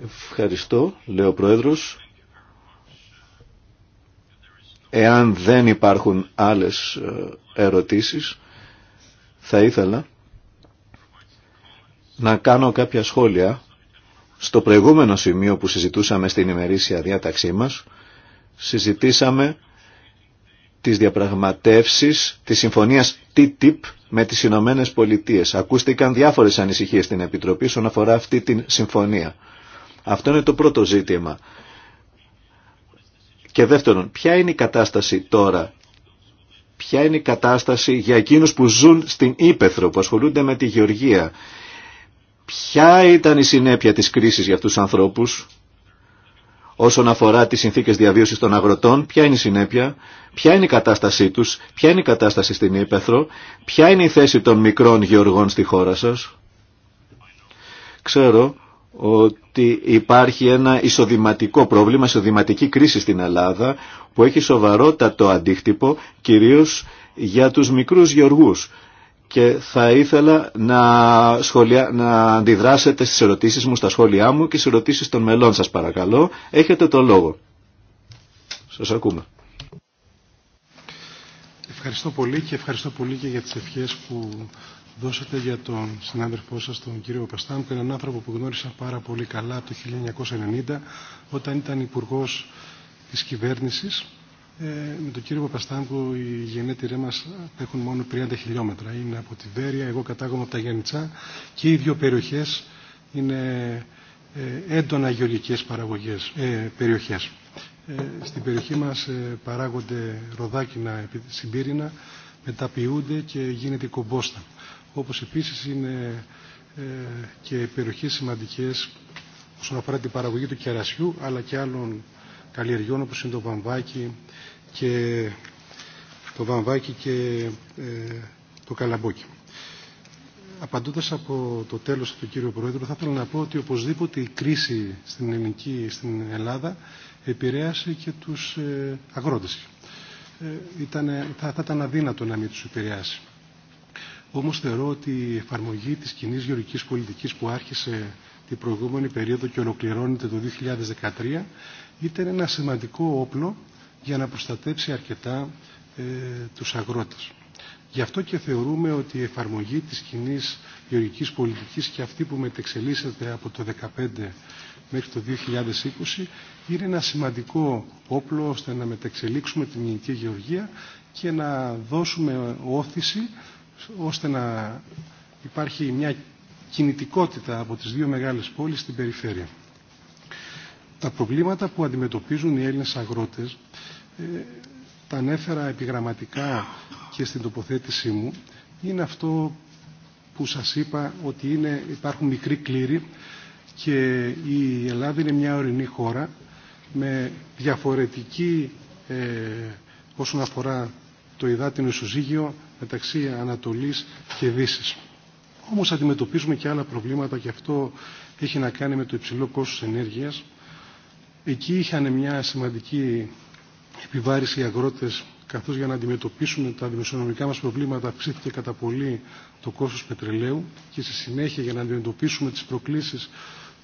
Ευχαριστώ, λέω ο Πρόεδρος. Εάν δεν υπάρχουν άλλες ε, ερωτήσεις, θα ήθελα να κάνω κάποια σχόλια στο προηγούμενο σημείο που συζητούσαμε στην ημερήσια διάταξή μας. Συζητήσαμε τις διαπραγματεύσεις της συμφωνίας TTIP με τις Ηνωμένε Πολιτείε. Ακούστηκαν διάφορες ανησυχίες στην Επιτροπή όσον αφορά αυτή την συμφωνία. Αυτό είναι το πρώτο ζήτημα. Και δεύτερον, ποια είναι η κατάσταση τώρα, ποια είναι η κατάσταση για εκείνους που ζουν στην Ήπεθρο, που ασχολούνται με τη Γεωργία. Ποια ήταν η συνέπεια της κρίσης για αυτούς τους ανθρώπους, όσον αφορά τις συνθήκες διαβίωσης των αγροτών, ποια είναι η συνέπεια, ποια είναι η κατάστασή τους, ποια είναι η κατάσταση στην Ήπεθρο, ποια είναι η θέση των μικρών γεωργών στη χώρα σας. Ξέρω ότι υπάρχει ένα εισοδηματικό πρόβλημα, εισοδηματική κρίση στην Ελλάδα που έχει σοβαρότατο αντίκτυπο κυρίως για τους μικρούς γεωργούς και θα ήθελα να, σχολιά, να αντιδράσετε στις ερωτήσεις μου, στα σχόλιά μου και στις ερωτήσεις των μελών σας παρακαλώ. Έχετε το λόγο. Σας ακούμε. Ευχαριστώ πολύ και ευχαριστώ πολύ και για τις ευχές που δώσατε για τον συνάδελφό σας, τον κύριο είναι έναν άνθρωπο που γνώρισα πάρα πολύ καλά από το 1990 όταν ήταν υπουργό της κυβέρνησης ε, με τον κύριο Παπαστάνκου οι γενέτειρέ μας έχουν μόνο 30 χιλιόμετρα. Είναι από τη Βέρεια, εγώ κατάγομαι από τα Γενιτσά και οι δύο περιοχές είναι ε, έντονα γεωργικέ ε, περιοχές. Ε, στην περιοχή μα παράγονται ροδάκινα συμπύρινα, μεταποιούνται και γίνεται κομπόστα. Όπως επίσης είναι και περιοχές σημαντικές όσον αφορά την παραγωγή του κερασιού αλλά και άλλων καλλιεργιών όπως είναι το βαμβάκι και το, βαμβάκι και, ε, το καλαμπόκι. Απαντώντας από το τέλος του κύριο Πρόεδρο, θα ήθελα να πω ότι οπωσδήποτε η κρίση στην ελληνική, στην Ελλάδα, επηρέασε και τους ε, αγρότες. Ε, ήταν, θα, θα ήταν αδύνατο να μην τους επηρεάσει. Όμως θεωρώ ότι η εφαρμογή της κοινή γεωργικής πολιτικής που άρχισε την προηγούμενη περίοδο και ολοκληρώνεται το 2013, ήταν ένα σημαντικό όπλο για να προστατέψει αρκετά ε, τους αγρότες. Γι' αυτό και θεωρούμε ότι η εφαρμογή της κοινή γεωργικής πολιτικής και αυτή που μετεξελίσσεται από το 2015 μέχρι το 2020 είναι ένα σημαντικό όπλο ώστε να μετεξελίξουμε την γενική γεωργία και να δώσουμε όθηση ώστε να υπάρχει μια κινητικότητα από τις δύο μεγάλες πόλεις στην περιφέρεια. Τα προβλήματα που αντιμετωπίζουν οι Έλληνες αγρότες ε, τα ανέφερα επιγραμματικά και στην τοποθέτησή μου είναι αυτό που σας είπα ότι είναι, υπάρχουν μικροί κλήροι και η Ελλάδα είναι μια ορεινή χώρα με διαφορετική ε, όσον αφορά το υδάτινο ισοζύγιο μεταξύ Ανατολής και Δύσης. Όμως αντιμετωπίζουμε και άλλα προβλήματα και αυτό έχει να κάνει με το υψηλό κόστος ενέργειας. Εκεί είχαν μια σημαντική επιβάρηση οι αγρότες καθώς για να αντιμετωπίσουν τα δημοσιονομικά μας προβλήματα αυξήθηκε κατά πολύ το κόστος πετρελαίου και στη συνέχεια για να αντιμετωπίσουμε τις προκλήσεις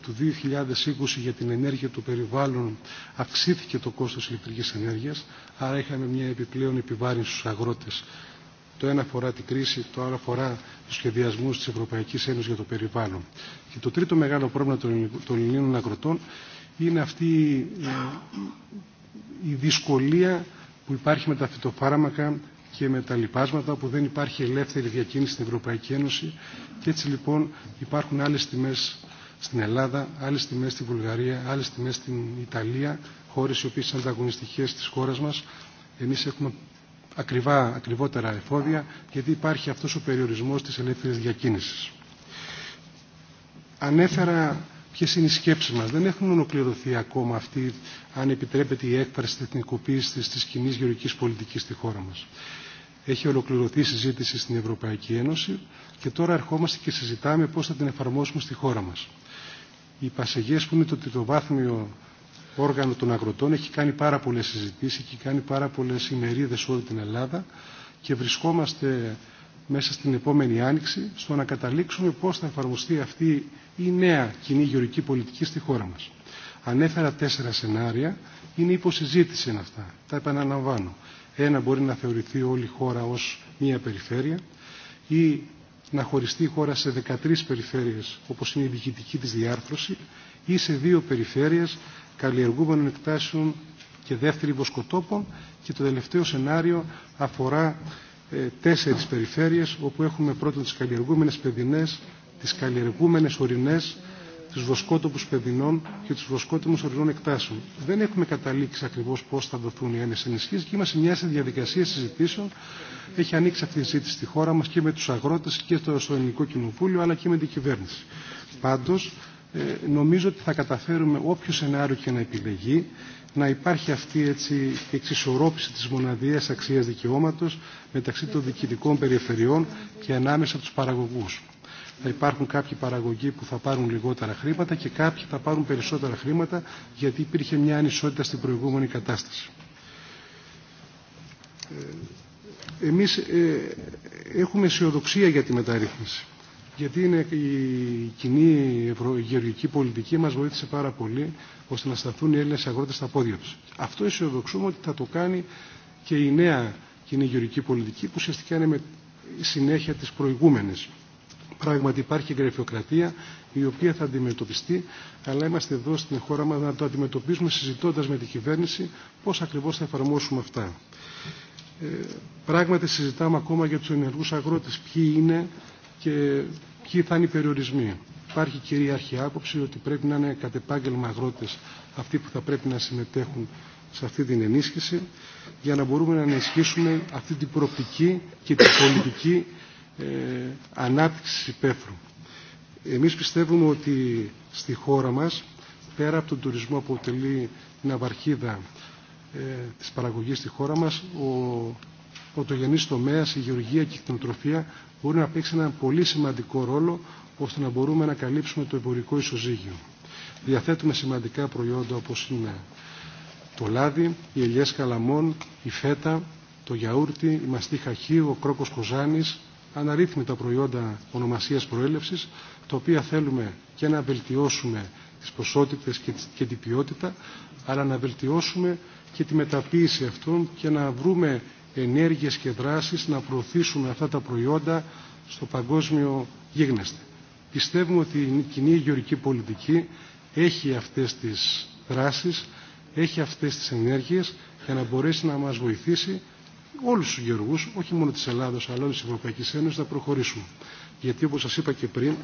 του 2020 για την ενέργεια του περιβάλλον αυξήθηκε το κόστος ηλεκτρικής ενέργειας, άρα είχαμε μια επιπλέον επιβάρυνση στους αγρότες το ένα αφορά την κρίση, το άλλο αφορά του σχεδιασμού τη Ευρωπαϊκή Ένωση για το περιβάλλον. Και το τρίτο μεγάλο πρόβλημα των Ελληνίων αγροτών είναι αυτή η δυσκολία που υπάρχει με τα φυτοφάρμακα και με τα λοιπάσματα όπου δεν υπάρχει ελεύθερη διακίνηση στην Ευρωπαϊκή Ένωση και έτσι λοιπόν υπάρχουν άλλε τιμέ στην Ελλάδα, άλλε τιμέ στην Βουλγαρία, άλλε τιμέ στην Ιταλία, χώρε οι οποίε είναι ανταγωνιστικέ τη χώρα μα. έχουμε ακριβά, ακριβότερα εφόδια, γιατί υπάρχει αυτός ο περιορισμός της ελεύθερης διακίνησης. Ανέφερα ποιε είναι οι σκέψει μα. Δεν έχουν ολοκληρωθεί ακόμα αυτή, αν επιτρέπεται, η έκφραση τη εθνικοποίηση τη κοινή γεωργική πολιτική στη χώρα μας. Έχει ολοκληρωθεί η συζήτηση στην Ευρωπαϊκή Ένωση και τώρα ερχόμαστε και συζητάμε πώ θα την εφαρμόσουμε στη χώρα μας. Οι πασεγέ που είναι το τριτοβάθμιο όργανο των αγροτών έχει κάνει πάρα πολλέ συζητήσει, έχει κάνει πάρα ημερίδε σε όλη την Ελλάδα και βρισκόμαστε μέσα στην επόμενη άνοιξη στο να καταλήξουμε πώ θα εφαρμοστεί αυτή η νέα κοινή γεωρική πολιτική στη χώρα μα. Ανέφερα τέσσερα σενάρια, είναι υποσυζήτηση είναι αυτά, τα επαναλαμβάνω. Ένα μπορεί να θεωρηθεί όλη η χώρα ω μία περιφέρεια ή να χωριστεί η χώρα σε 13 περιφέρειες όπως είναι η διοικητική της διάρθρωση ή σε δύο περιφέρειες καλλιεργούμενων εκτάσεων και δεύτερη βοσκοτόπων και το τελευταίο σενάριο αφορά ε, τέσσερις περιφέρειες όπου έχουμε πρώτον τις καλλιεργούμενες παιδινές, τις καλλιεργούμενες ορεινές, τους βοσκότοπους παιδινών και τους βοσκότοπους ορεινών εκτάσεων. Δεν έχουμε καταλήξει ακριβώς πώς θα δοθούν οι ένες ενισχύσεις και είμαστε μια διαδικασία συζητήσεων. Έχει ανοίξει αυτή η συζήτηση στη χώρα μας και με τους αγρότες και στο Ελληνικό Κοινοβούλιο αλλά και με την κυβέρνηση. Πάντως, ε, νομίζω ότι θα καταφέρουμε όποιο σενάριο και να επιλεγεί να υπάρχει αυτή η εξισορρόπηση της μοναδίας αξίας δικαιώματος μεταξύ των διοικητικών περιφερειών και ανάμεσα τους παραγωγούς. Θα υπάρχουν κάποιοι παραγωγοί που θα πάρουν λιγότερα χρήματα και κάποιοι θα πάρουν περισσότερα χρήματα γιατί υπήρχε μια ανισότητα στην προηγούμενη κατάσταση. Ε, εμείς ε, έχουμε αισιοδοξία για τη μεταρρύθμιση γιατί η κοινή γεωργική πολιτική μας βοήθησε πάρα πολύ ώστε να σταθούν οι Έλληνες αγρότες στα πόδια τους. Αυτό αισιοδοξούμε ότι θα το κάνει και η νέα κοινή γεωργική πολιτική που ουσιαστικά είναι με συνέχεια της προηγούμενης. Πράγματι υπάρχει γραφειοκρατία η οποία θα αντιμετωπιστεί, αλλά είμαστε εδώ στην χώρα μας να το αντιμετωπίσουμε συζητώντας με την κυβέρνηση πώς ακριβώς θα εφαρμόσουμε αυτά. Ε, πράγματι συζητάμε ακόμα για τους ενεργούς αγρότες, ποιοι είναι, και ποιοι θα είναι οι περιορισμοί. Υπάρχει κυρίαρχη άποψη ότι πρέπει να είναι κατ' επάγγελμα αγρότε αυτοί που θα πρέπει να συμμετέχουν σε αυτή την ενίσχυση για να μπορούμε να ενισχύσουμε αυτή την προοπτική και την πολιτική ε, ανάπτυξη υπαίθρου. Εμείς πιστεύουμε ότι στη χώρα μας, πέρα από τον τουρισμό που αποτελεί την αυαρχίδα ε, της παραγωγής στη χώρα μας, ο πρωτογενή τομέα, η γεωργία και η κτηνοτροφία μπορεί να παίξει ένα πολύ σημαντικό ρόλο ώστε να μπορούμε να καλύψουμε το εμπορικό ισοζύγιο. Διαθέτουμε σημαντικά προϊόντα όπω είναι το λάδι, οι ελιέ καλαμών, η φέτα, το γιαούρτι, η μαστίχα χαχή, ο κρόκος κοζάνης, αναρρύθμιτα προϊόντα ονομασία προέλευση, τα οποία θέλουμε και να βελτιώσουμε τις ποσότητες και την ποιότητα, αλλά να βελτιώσουμε και τη μεταποίηση αυτών και να βρούμε ενέργειες και δράσεις να προωθήσουμε αυτά τα προϊόντα στο παγκόσμιο γίγνεσθε. Πιστεύουμε ότι η κοινή γεωρική πολιτική έχει αυτές τις δράσεις, έχει αυτές τις ενέργειες για να μπορέσει να μας βοηθήσει όλους τους γεωργούς, όχι μόνο της Ελλάδος αλλά όλης της Ευρωπαϊκής Ένωσης να προχωρήσουμε. Γιατί όπως σας είπα και πριν,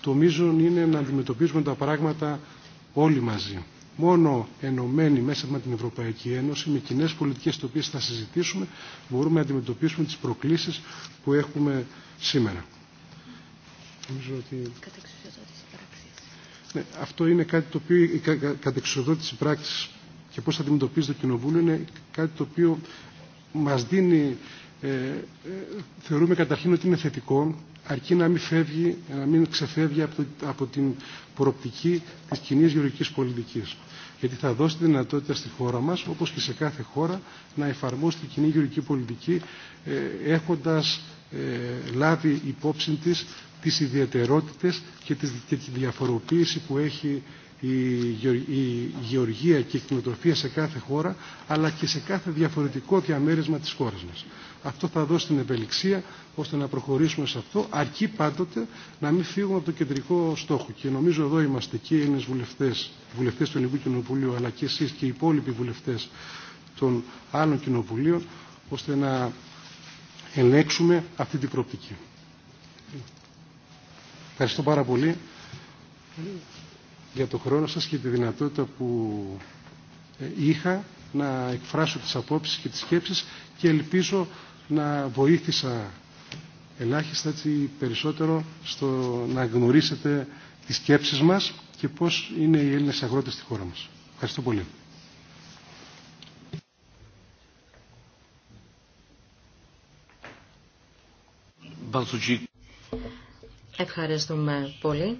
το μείζον είναι να αντιμετωπίζουμε τα πράγματα όλοι μαζί. Μόνο ενωμένοι μέσα από την Ευρωπαϊκή Ένωση, με κοινέ πολιτικέ τι οποίε θα συζητήσουμε, μπορούμε να αντιμετωπίσουμε τι προκλήσει που έχουμε σήμερα. ότι... Ναι, αυτό είναι κάτι το οποίο η κατεξοδότηση πράξη και πώ θα αντιμετωπίζει το Κοινοβούλιο είναι κάτι το οποίο μα δίνει. Ε, ε, θεωρούμε καταρχήν ότι είναι θετικό αρκεί να μην, φεύγει, να μην ξεφεύγει από, από την προοπτική της κοινή γεωργικής πολιτικής. Γιατί θα δώσει τη δυνατότητα στη χώρα μας, όπως και σε κάθε χώρα, να εφαρμόσει την κοινή γεωργική πολιτική ε, έχοντας ε, λάβει υπόψη της τις ιδιαιτερότητες και, τις, τη διαφοροποίηση που έχει η γεωργία και η κοινοτροφία σε κάθε χώρα αλλά και σε κάθε διαφορετικό διαμέρισμα της χώρας μας. Αυτό θα δώσει την ευελιξία ώστε να προχωρήσουμε σε αυτό, αρκεί πάντοτε να μην φύγουμε από το κεντρικό στόχο. Και νομίζω εδώ είμαστε και οι Έλληνες βουλευτές του Ελληνικού Κοινοβουλίου, αλλά και εσείς και οι υπόλοιποι βουλευτές των άλλων κοινοβουλίων, ώστε να ελέγξουμε αυτή την προοπτική. Ευχαριστώ πάρα πολύ για το χρόνο σας και τη δυνατότητα που ε, είχα να εκφράσω τις απόψεις και τις σκέψεις και ελπίζω να βοήθησα ελάχιστα έτσι, περισσότερο στο να γνωρίσετε τις σκέψεις μας και πώς είναι οι Έλληνες αγρότες στη χώρα μας. Ευχαριστώ πολύ. Ευχαριστούμε πολύ.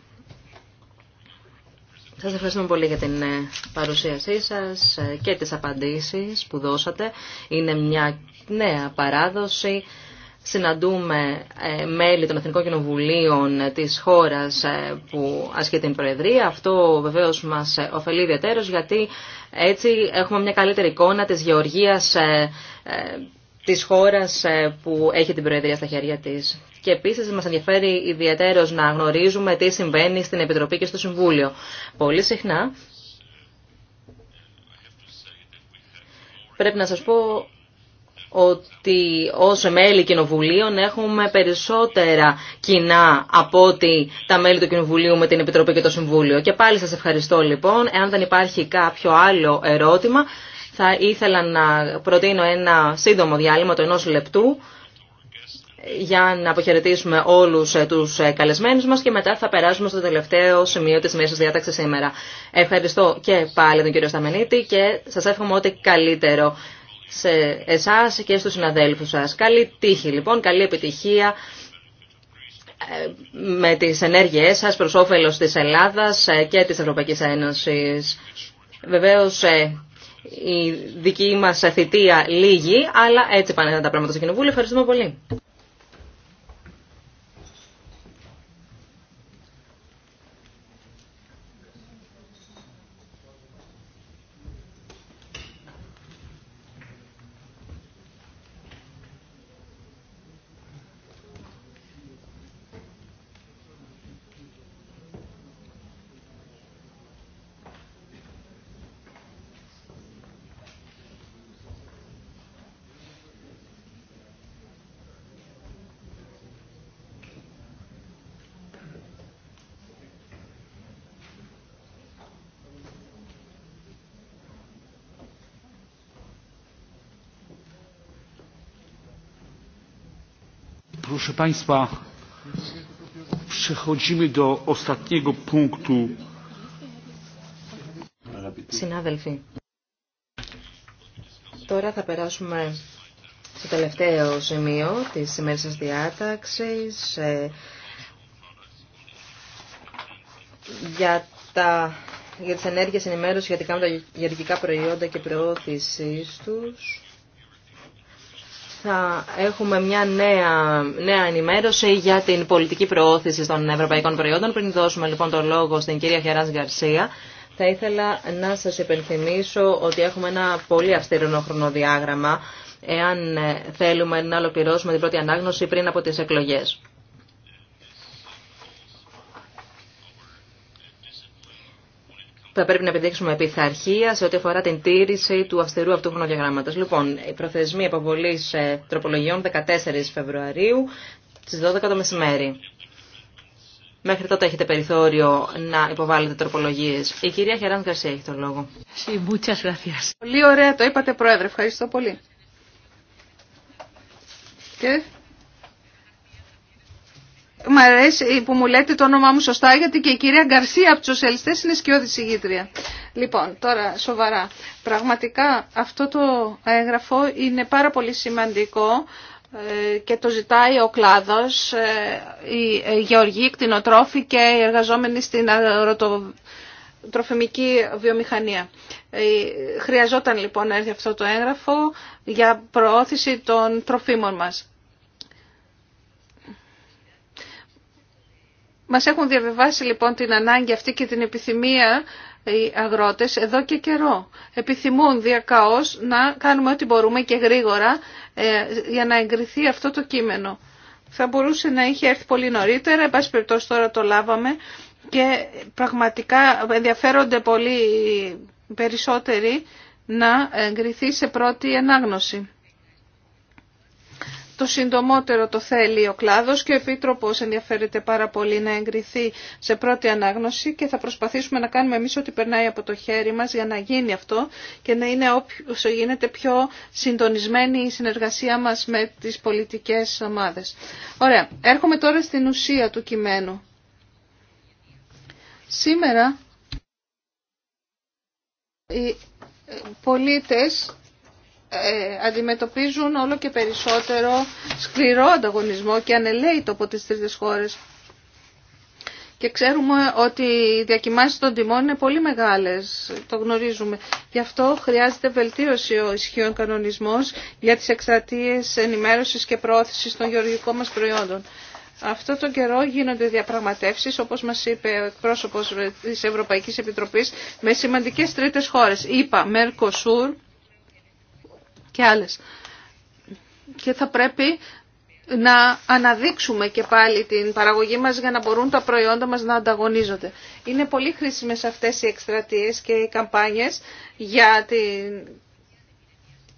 Σας ευχαριστούμε πολύ για την ε, παρουσίασή σας ε, και τις απαντήσεις που δώσατε. Είναι μια νέα παράδοση. Συναντούμε ε, μέλη των Εθνικών Κοινοβουλίων της χώρας που ασκεί την Προεδρία. Αυτό βεβαίως μας ωφελεί ιδιαίτερως γιατί έτσι έχουμε μια καλύτερη εικόνα της γεωργίας Τη χώρα ε, που έχει την Προεδρία στα χέρια τη. Και επίσης μα ενδιαφέρει ιδιαίτερω να γνωρίζουμε τι συμβαίνει στην Επιτροπή και στο Συμβούλιο. Πολύ συχνά πρέπει να σας πω ότι ως μέλη κοινοβουλίων έχουμε περισσότερα κοινά από ότι τα μέλη του Κοινοβουλίου με την Επιτροπή και το Συμβούλιο. Και πάλι σας ευχαριστώ λοιπόν. Εάν δεν υπάρχει κάποιο άλλο ερώτημα, θα ήθελα να προτείνω ένα σύντομο διάλειμμα του ενός λεπτού για να αποχαιρετήσουμε όλους ε, τους ε, καλεσμένους μας και μετά θα περάσουμε στο τελευταίο σημείο της μέσης διάταξης σήμερα. Ευχαριστώ και πάλι τον κύριο Σταμενίτη και σας εύχομαι ό,τι καλύτερο σε εσάς και στους συναδέλφους σας. Καλή τύχη λοιπόν, καλή επιτυχία ε, με τις ενέργειές σας προς όφελος της Ελλάδας και της Ευρωπαϊκής Ένωσης. Βεβαίως η δική μας θητεία λίγη, αλλά έτσι πάνε τα πράγματα στο Κοινοβούλιο. Ευχαριστούμε πολύ. proszę państwa przechodzimy do ostatniego punktu Συνάδελφοι, τώρα θα περάσουμε στο τελευταίο σημείο της σημερινής τη διάταξης ε, για, τα, για τις ενέργειες ενημέρωση σχετικά με τα γεωργικά προϊόντα και προώθησής τους θα έχουμε μια νέα, νέα ενημέρωση για την πολιτική προώθηση των ευρωπαϊκών προϊόντων. Πριν δώσουμε λοιπόν το λόγο στην κυρία Χεράς Γκαρσία, θα ήθελα να σας υπενθυμίσω ότι έχουμε ένα πολύ αυστηρό χρονοδιάγραμμα εάν θέλουμε να ολοκληρώσουμε την πρώτη ανάγνωση πριν από τις εκλογές. θα πρέπει να επιδείξουμε επιθαρχία σε ό,τι αφορά την τήρηση του αυστηρού αυτού χρονοδιαγράμματο. Λοιπόν, η προθεσμία υποβολή ε, τροπολογιών 14 Φεβρουαρίου στι 12 το μεσημέρι. Μέχρι τότε έχετε περιθώριο να υποβάλλετε τροπολογίε. Η κυρία Χεράν Γκαρσία έχει τον λόγο. Πολύ ωραία το είπατε, Πρόεδρε. Ευχαριστώ πολύ. Και Μ' αρέσει που μου λέτε το όνομά μου σωστά, γιατί και η κυρία Γκαρσία από του σοσιαλιστέ είναι σκιώδη συγγήτρια. Λοιπόν, τώρα σοβαρά. Πραγματικά αυτό το έγγραφο είναι πάρα πολύ σημαντικό ε, και το ζητάει ο κλάδος, η ε, ε, γεωργοί, οι κτηνοτρόφοι και οι εργαζόμενοι στην τροφιμική βιομηχανία. Χρειαζόταν λοιπόν να έρθει αυτό το έγγραφο για προώθηση των τροφίμων μας. Μας έχουν διαβιβάσει λοιπόν την ανάγκη αυτή και την επιθυμία οι αγρότες εδώ και καιρό. Επιθυμούν διακαώς να κάνουμε ό,τι μπορούμε και γρήγορα ε, για να εγκριθεί αυτό το κείμενο. Θα μπορούσε να είχε έρθει πολύ νωρίτερα, εν πάση περιπτώσει τώρα το λάβαμε και πραγματικά ενδιαφέρονται πολύ περισσότεροι να εγκριθεί σε πρώτη ανάγνωση το συντομότερο το θέλει ο κλάδος και ο Επίτροπος ενδιαφέρεται πάρα πολύ να εγκριθεί σε πρώτη ανάγνωση και θα προσπαθήσουμε να κάνουμε εμείς ό,τι περνάει από το χέρι μας για να γίνει αυτό και να είναι όσο γίνεται πιο συντονισμένη η συνεργασία μας με τις πολιτικές ομάδες. Ωραία, έρχομαι τώρα στην ουσία του κειμένου. Σήμερα οι πολίτες ε, αντιμετωπίζουν όλο και περισσότερο σκληρό ανταγωνισμό και ανελαίητο από τις τρίτες χώρες. Και ξέρουμε ότι οι διακοιμάνσεις των τιμών είναι πολύ μεγάλες, το γνωρίζουμε. Γι' αυτό χρειάζεται βελτίωση ο ισχύων κανονισμός για τις εκστρατείες ενημέρωσης και προώθησης των γεωργικών μας προϊόντων. Αυτό τον καιρό γίνονται διαπραγματεύσεις, όπως μας είπε ο εκπρόσωπος της Ευρωπαϊκής Επιτροπής, με σημαντικές τρίτες χώρες. Είπα, Μερκοσούρ και θα πρέπει να αναδείξουμε και πάλι την παραγωγή μας για να μπορούν τα προϊόντα μας να ανταγωνίζονται. Είναι πολύ χρήσιμες αυτές οι εκστρατείες και οι καμπάνιες για την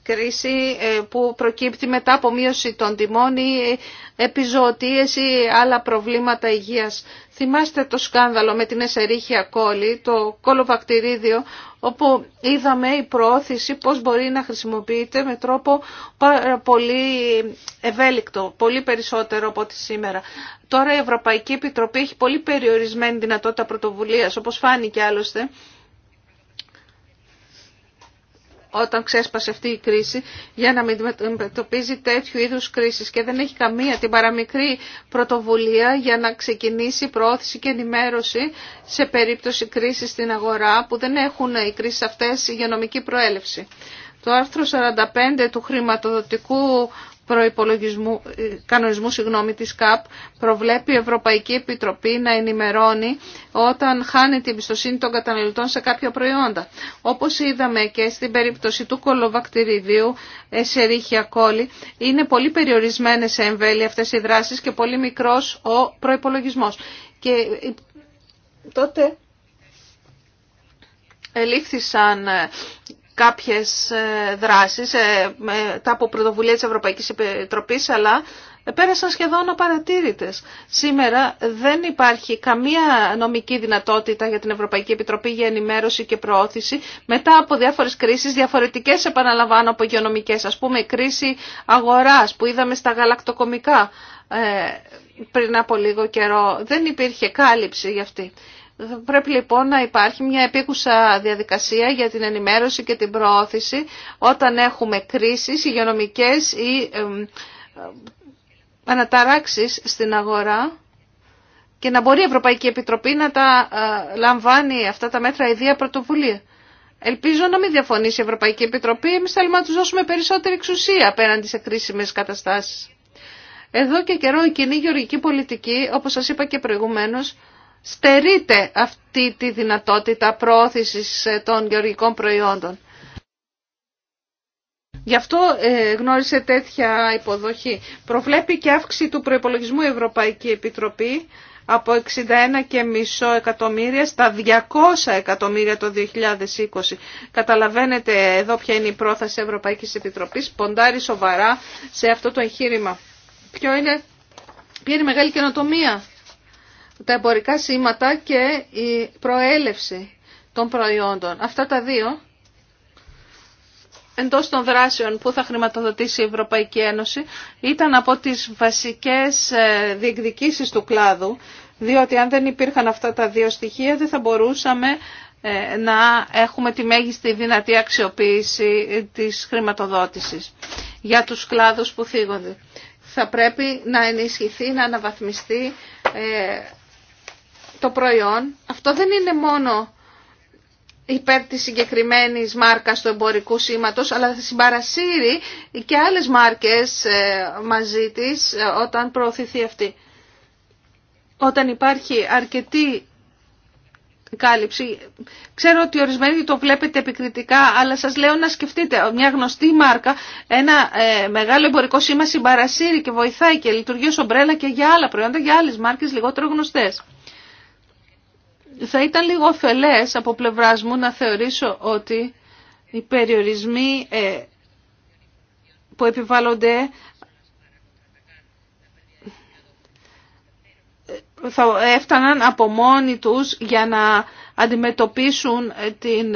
κρίση ε, που προκύπτει μετά από μείωση των τιμών ή επιζωοτίες ή άλλα προβλήματα υγείας. Θυμάστε το σκάνδαλο με την εσερίχια κόλλη, το κολοβακτηρίδιο όπου είδαμε η πρόθεση πώς μπορεί να χρησιμοποιείται με τρόπο πολύ ευέλικτο, πολύ περισσότερο από ό,τι σήμερα. Τώρα η Ευρωπαϊκή Επιτροπή έχει πολύ περιορισμένη δυνατότητα πρωτοβουλίας, όπως φάνηκε άλλωστε, όταν ξέσπασε αυτή η κρίση για να μην αντιμετωπίζει τέτοιου είδους κρίσεις και δεν έχει καμία την παραμικρή πρωτοβουλία για να ξεκινήσει προώθηση και ενημέρωση σε περίπτωση κρίσης στην αγορά που δεν έχουν οι κρίσεις αυτές υγειονομική προέλευση. Το άρθρο 45 του χρηματοδοτικού προϋπολογισμού, ε, κανονισμού συγγνώμη, της ΚΑΠ προβλέπει η Ευρωπαϊκή Επιτροπή να ενημερώνει όταν χάνει την εμπιστοσύνη των καταναλωτών σε κάποια προϊόντα. Όπως είδαμε και στην περίπτωση του κολοβακτηριδίου ε, σε ρίχια κόλλη, είναι πολύ περιορισμένες σε εμβέλεια αυτές οι δράσεις και πολύ μικρός ο προϋπολογισμός. Και ε, τότε ελήφθησαν κάποιες ε, δράσεις, ε, μετά από πρωτοβουλία της Ευρωπαϊκής Επιτροπής, αλλά πέρασαν σχεδόν απαρατήρητες. Σήμερα δεν υπάρχει καμία νομική δυνατότητα για την Ευρωπαϊκή Επιτροπή για ενημέρωση και προώθηση μετά από διάφορες κρίσεις, διαφορετικές επαναλαμβάνω από υγειονομικές, ας πούμε κρίση αγοράς που είδαμε στα γαλακτοκομικά ε, πριν από λίγο καιρό. Δεν υπήρχε κάλυψη για αυτή. Πρέπει λοιπόν να υπάρχει μια επίκουσα διαδικασία για την ενημέρωση και την προώθηση όταν έχουμε κρίσεις υγειονομικές ή ε, αναταράξεις στην αγορά και να μπορεί η Ευρωπαϊκή Επιτροπή να τα ε, λαμβάνει αυτά τα μέτρα ιδία πρωτοβουλία. Ελπίζω να μην διαφωνήσει η Ευρωπαϊκή Επιτροπή. Εμεί θέλουμε να του δώσουμε περισσότερη εξουσία απέναντι σε κρίσιμε καταστάσει. Εδώ και καιρό η κοινή γεωργική πολιτική, όπω σα είπα και προηγουμένω, στερείται αυτή τη δυνατότητα προώθησης ε, των γεωργικών προϊόντων. Γι' αυτό ε, γνώρισε τέτοια υποδοχή. Προβλέπει και αύξηση του προϋπολογισμού η Ευρωπαϊκή Επιτροπή από 61,5 εκατομμύρια στα 200 εκατομμύρια το 2020. Καταλαβαίνετε εδώ ποια είναι η πρόθεση Ευρωπαϊκής Επιτροπής. Ποντάρει σοβαρά σε αυτό το εγχείρημα. Ποιο είναι, ποια είναι η μεγάλη καινοτομία τα εμπορικά σήματα και η προέλευση των προϊόντων. Αυτά τα δύο εντός των δράσεων που θα χρηματοδοτήσει η Ευρωπαϊκή Ένωση ήταν από τις βασικές ε, διεκδικήσεις του κλάδου, διότι αν δεν υπήρχαν αυτά τα δύο στοιχεία δεν θα μπορούσαμε ε, να έχουμε τη μέγιστη δυνατή αξιοποίηση της χρηματοδότησης για τους κλάδους που θίγονται. Θα πρέπει να ενισχυθεί, να αναβαθμιστεί ε, το προϊόν, αυτό δεν είναι μόνο υπέρ της συγκεκριμένης μάρκας του εμπορικού σήματος, αλλά θα συμπαρασύρει και άλλες μάρκες ε, μαζί της ε, όταν προωθηθεί αυτή. Όταν υπάρχει αρκετή κάλυψη, ξέρω ότι ορισμένοι το βλέπετε επικριτικά, αλλά σας λέω να σκεφτείτε, μια γνωστή μάρκα, ένα ε, μεγάλο εμπορικό σήμα συμπαρασύρει και βοηθάει και λειτουργεί ως ομπρέλα και για άλλα προϊόντα, για άλλες μάρκες λιγότερο γνωστές θα ήταν λίγο ωφελές από πλευράς μου να θεωρήσω ότι οι περιορισμοί ε, που επιβάλλονται ε, θα έφταναν από μόνοι τους για να αντιμετωπίσουν ε, την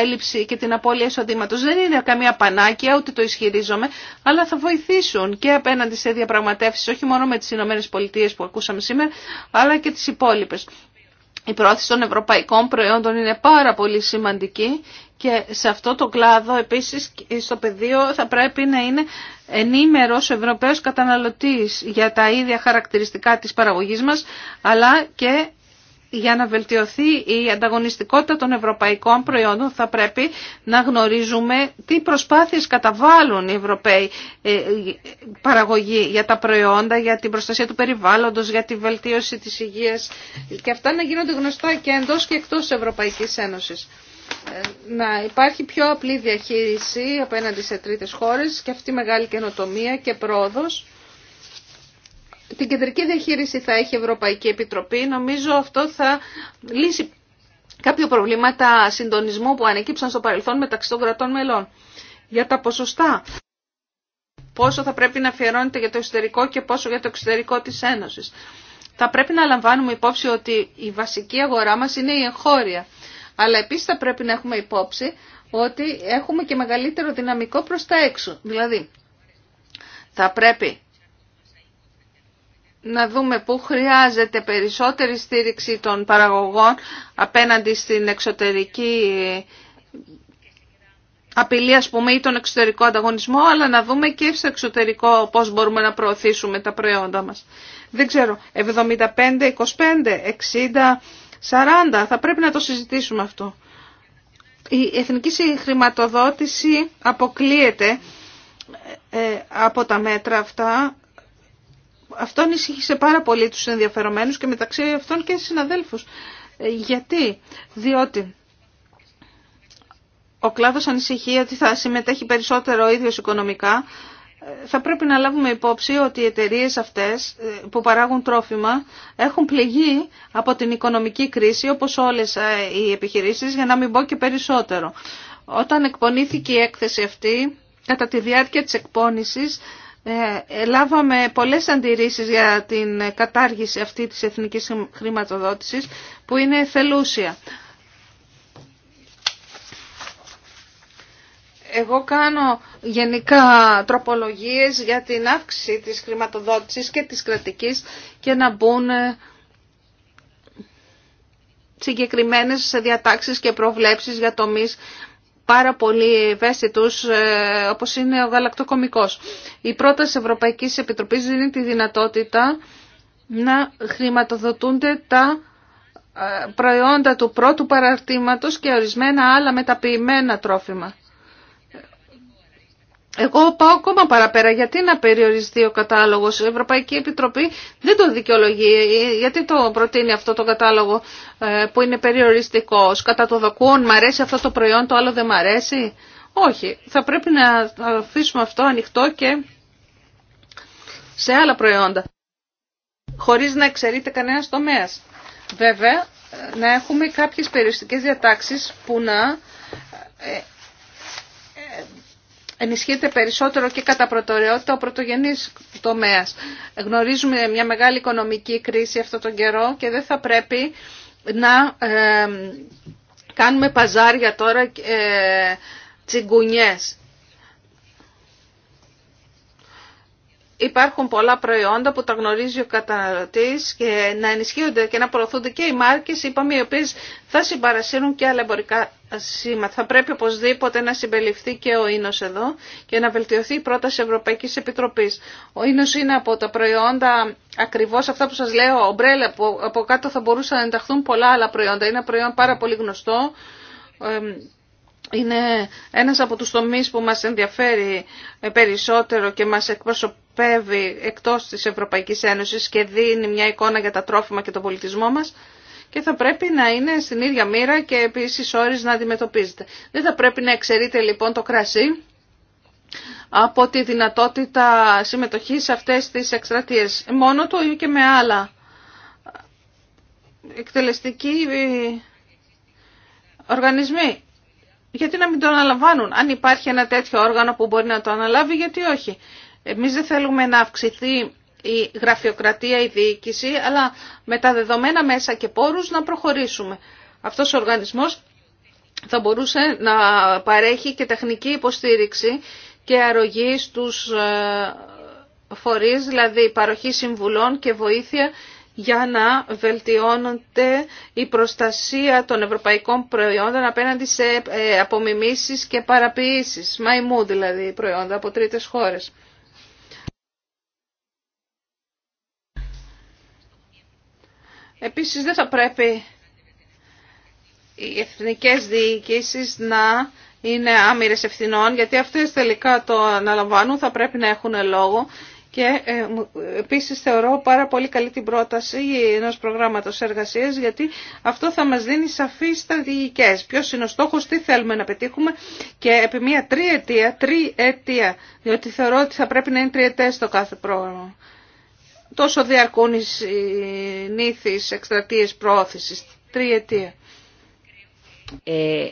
έλλειψη και την απώλεια εισοδήματο. Δεν είναι καμία πανάκια, ούτε το ισχυρίζομαι, αλλά θα βοηθήσουν και απέναντι σε διαπραγματεύσεις, όχι μόνο με τις ΗΠΑ Πολιτείες που ακούσαμε σήμερα, αλλά και τις υπόλοιπες η πρόθεση των ευρωπαϊκών προϊόντων είναι πάρα πολύ σημαντική και σε αυτό το κλάδο επίσης στο πεδίο θα πρέπει να είναι ενήμερος ο Ευρωπαίος καταναλωτής για τα ίδια χαρακτηριστικά της παραγωγής μας αλλά και για να βελτιωθεί η ανταγωνιστικότητα των ευρωπαϊκών προϊόντων θα πρέπει να γνωρίζουμε τι προσπάθειες καταβάλουν οι Ευρωπαίοι ε, παραγωγοί για τα προϊόντα, για την προστασία του περιβάλλοντος, για τη βελτίωση της υγείας και αυτά να γίνονται γνωστά και εντός και εκτός της Ευρωπαϊκής Ένωσης. Ε, να υπάρχει πιο απλή διαχείριση απέναντι σε τρίτες χώρες και αυτή μεγάλη καινοτομία και πρόοδος την κεντρική διαχείριση θα έχει η Ευρωπαϊκή Επιτροπή. Νομίζω αυτό θα λύσει κάποια προβλήματα συντονισμού που ανεκύψαν στο παρελθόν μεταξύ των κρατών μελών. Για τα ποσοστά, πόσο θα πρέπει να αφιερώνεται για το εξωτερικό και πόσο για το εξωτερικό της Ένωσης. Θα πρέπει να λαμβάνουμε υπόψη ότι η βασική αγορά μας είναι η εγχώρια. Αλλά επίσης θα πρέπει να έχουμε υπόψη ότι έχουμε και μεγαλύτερο δυναμικό προς τα έξω. Δηλαδή, θα πρέπει να δούμε πού χρειάζεται περισσότερη στήριξη των παραγωγών απέναντι στην εξωτερική απειλή ας πούμε ή τον εξωτερικό ανταγωνισμό αλλά να δούμε και στο εξωτερικό πώς μπορούμε να προωθήσουμε τα προϊόντα μας. Δεν ξέρω, 75, 25, 60, 40 θα πρέπει να το συζητήσουμε αυτό. Η εθνική συγχρηματοδότηση αποκλείεται ε, από τα μέτρα αυτά αυτό ανησύχησε πάρα πολύ τους ενδιαφερομένους και μεταξύ αυτών και συναδέλφους. Ε, γιατί, διότι ο κλάδος ανησυχεί ότι θα συμμετέχει περισσότερο ο ίδιος οικονομικά, ε, θα πρέπει να λάβουμε υπόψη ότι οι εταιρείε αυτές ε, που παράγουν τρόφιμα έχουν πληγεί από την οικονομική κρίση όπως όλες οι επιχειρήσεις για να μην πω και περισσότερο. Όταν εκπονήθηκε η έκθεση αυτή, κατά τη διάρκεια της εκπόνησης ε, λάβαμε πολλές αντιρρήσεις για την κατάργηση αυτή της εθνικής χρηματοδότησης που είναι θελούσια. Εγώ κάνω γενικά τροπολογίες για την αύξηση της χρηματοδότησης και της κρατικής και να μπουν ε, συγκεκριμένες διατάξεις και προβλέψεις για τομείς πάρα πολύ ευαίσθητους ε, όπως είναι ο γαλακτοκομικός. Η πρόταση ευρωπαϊκή Επιτροπής δίνει τη δυνατότητα να χρηματοδοτούνται τα ε, προϊόντα του πρώτου παραρτήματος και ορισμένα άλλα μεταποιημένα τρόφιμα. Εγώ πάω ακόμα παραπέρα. Γιατί να περιοριστεί ο κατάλογο. Η Ευρωπαϊκή Επιτροπή δεν το δικαιολογεί. Γιατί το προτείνει αυτό το κατάλογο ε, που είναι περιοριστικό. Κατά το δοκούν, μ' αρέσει αυτό το προϊόν, το άλλο δεν μ' αρέσει. Όχι. Θα πρέπει να αφήσουμε αυτό ανοιχτό και σε άλλα προϊόντα. Χωρί να εξαιρείται κανένα τομέα. Βέβαια, να έχουμε κάποιε περιοριστικέ διατάξει που να ε, ενισχύεται περισσότερο και κατά προτεραιότητα ο πρωτογενής τομέας. Γνωρίζουμε μια μεγάλη οικονομική κρίση αυτό τον καιρό και δεν θα πρέπει να ε, κάνουμε παζάρια τώρα ε, τσιγκουνιές. υπάρχουν πολλά προϊόντα που τα γνωρίζει ο καταναλωτή και να ενισχύονται και να προωθούνται και οι μάρκες, είπαμε, οι οποίε θα συμπαρασύρουν και άλλα εμπορικά σήματα. Θα πρέπει οπωσδήποτε να συμπεριληφθεί και ο ίνος εδώ και να βελτιωθεί η πρόταση Ευρωπαϊκής Επιτροπής. Ο ίνος είναι από τα προϊόντα, ακριβώ αυτά που σα λέω, ομπρέλα, που από κάτω θα μπορούσαν να ενταχθούν πολλά άλλα προϊόντα. Είναι ένα προϊόν πάρα πολύ γνωστό, είναι ένας από τους τομείς που μας ενδιαφέρει ε, περισσότερο και μας εκπροσωπεί σκοπεύει εκτός της Ευρωπαϊκής Ένωσης και δίνει μια εικόνα για τα τρόφιμα και τον πολιτισμό μας και θα πρέπει να είναι στην ίδια μοίρα και επίσης όρις να αντιμετωπίζεται. Δεν θα πρέπει να εξαιρείται λοιπόν το κρασί από τη δυνατότητα συμμετοχής σε αυτές τις εκστρατείες. Μόνο του ή και με άλλα. Εκτελεστικοί οργανισμοί. Γιατί να μην το αναλαμβάνουν. Αν υπάρχει ένα τέτοιο όργανο που μπορεί να το αναλάβει, γιατί όχι. Εμείς δεν θέλουμε να αυξηθεί η γραφειοκρατία, η διοίκηση, αλλά με τα δεδομένα μέσα και πόρους να προχωρήσουμε. Αυτός ο οργανισμός θα μπορούσε να παρέχει και τεχνική υποστήριξη και αρρωγή στους ε, φορείς, δηλαδή παροχή συμβουλών και βοήθεια για να βελτιώνονται η προστασία των ευρωπαϊκών προϊόντων απέναντι σε ε, απομιμήσεις και παραποιήσεις, μαϊμού δηλαδή προϊόντα από τρίτες χώρες. Επίσης δεν θα πρέπει οι εθνικές διοικήσεις να είναι άμυρες ευθυνών, γιατί αυτές τελικά το αναλαμβάνουν, θα πρέπει να έχουν λόγο. Και ε, επίσης θεωρώ πάρα πολύ καλή την πρόταση ενός προγράμματος εργασίας, γιατί αυτό θα μας δίνει σαφείς στρατηγικέ. Ποιος είναι ο στόχος, τι θέλουμε να πετύχουμε και επί μια τριετία, τριετία, διότι θεωρώ ότι θα πρέπει να είναι τριετές το κάθε πρόγραμμα τόσο διαρκούν οι εκστρατείε εκστρατείες προώθησης. Τριετία. Ε,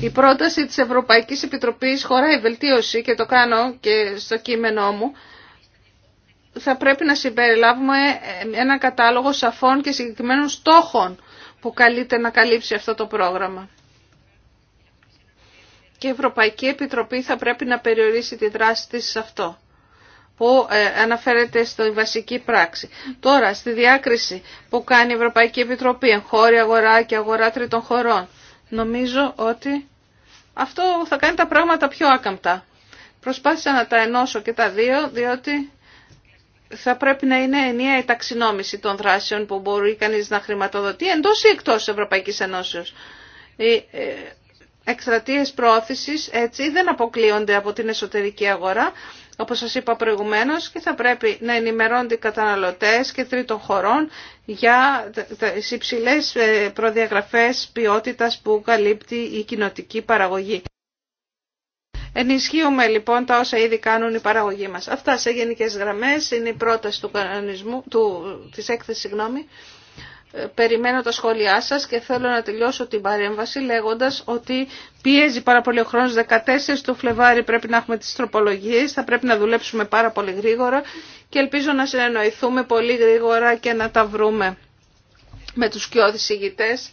η πρόταση της Ευρωπαϊκής Επιτροπής χωράει βελτίωση και το κάνω και στο κείμενό μου. Θα πρέπει να συμπεριλάβουμε ένα κατάλογο σαφών και συγκεκριμένων στόχων που καλείται να καλύψει αυτό το πρόγραμμα. Και η Ευρωπαϊκή Επιτροπή θα πρέπει να περιορίσει τη δράση της σε αυτό που ε, αναφέρεται στη βασική πράξη. Τώρα, στη διάκριση που κάνει η Ευρωπαϊκή Επιτροπή, χώρη αγορά και αγορά τρίτων χωρών, νομίζω ότι αυτό θα κάνει τα πράγματα πιο άκαμπτα. Προσπάθησα να τα ενώσω και τα δύο, διότι θα πρέπει να είναι ενιαία η ταξινόμηση των δράσεων που μπορεί κανείς να χρηματοδοτεί εντός ή εκτός της Ευρωπαϊκής Ενώσεως. Οι ε, εκστρατείες προώθησης έτσι δεν αποκλείονται από την εσωτερική αγορά, όπως σας είπα προηγουμένως, και θα πρέπει να ενημερώνται οι καταναλωτές και τρίτων χωρών για τις υψηλές ε, προδιαγραφές ποιότητας που καλύπτει η κοινοτική παραγωγή. Ενισχύουμε λοιπόν τα όσα ήδη κάνουν οι παραγωγοί μας. Αυτά σε γενικές γραμμές είναι η πρόταση του, κανονισμού, του της έκθεσης συγγνώμη, ε, περιμένω τα σχόλιά σας και θέλω να τελειώσω την παρέμβαση λέγοντας ότι πιέζει πάρα πολύ ο χρόνος. 14 του Φλεβάρι πρέπει να έχουμε τις τροπολογίες, θα πρέπει να δουλέψουμε πάρα πολύ γρήγορα και ελπίζω να συνεννοηθούμε πολύ γρήγορα και να τα βρούμε με τους κοιόδης ηγητές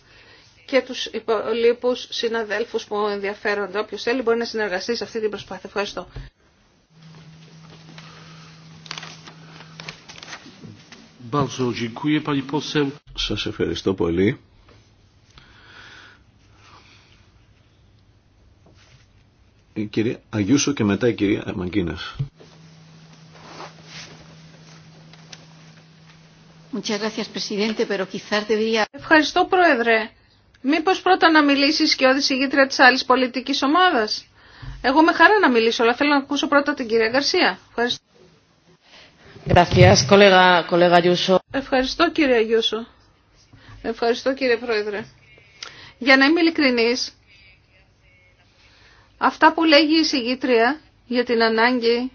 και τους υπολείπους συναδέλφους που ενδιαφέρονται. Όποιος θέλει μπορεί να συνεργαστεί σε αυτή την προσπάθεια. Ευχαριστώ. Σας ευχαριστώ πολύ. Η κυρία Αγιούσο και μετά η κυρία Μαγκίνας. Ευχαριστώ Πρόεδρε. Μήπως πρώτα να μιλήσεις και όδηση ηγήτρια της άλλης πολιτικής ομάδας. Εγώ με χαρά να μιλήσω, αλλά θέλω να ακούσω πρώτα την κυρία Γκαρσία. Ευχαριστώ. Ευχαριστώ κύριε Αγιούσο. Ευχαριστώ κύριε Πρόεδρε. Για να είμαι ειλικρινής, αυτά που λέγει η συγγήτρια για την ανάγκη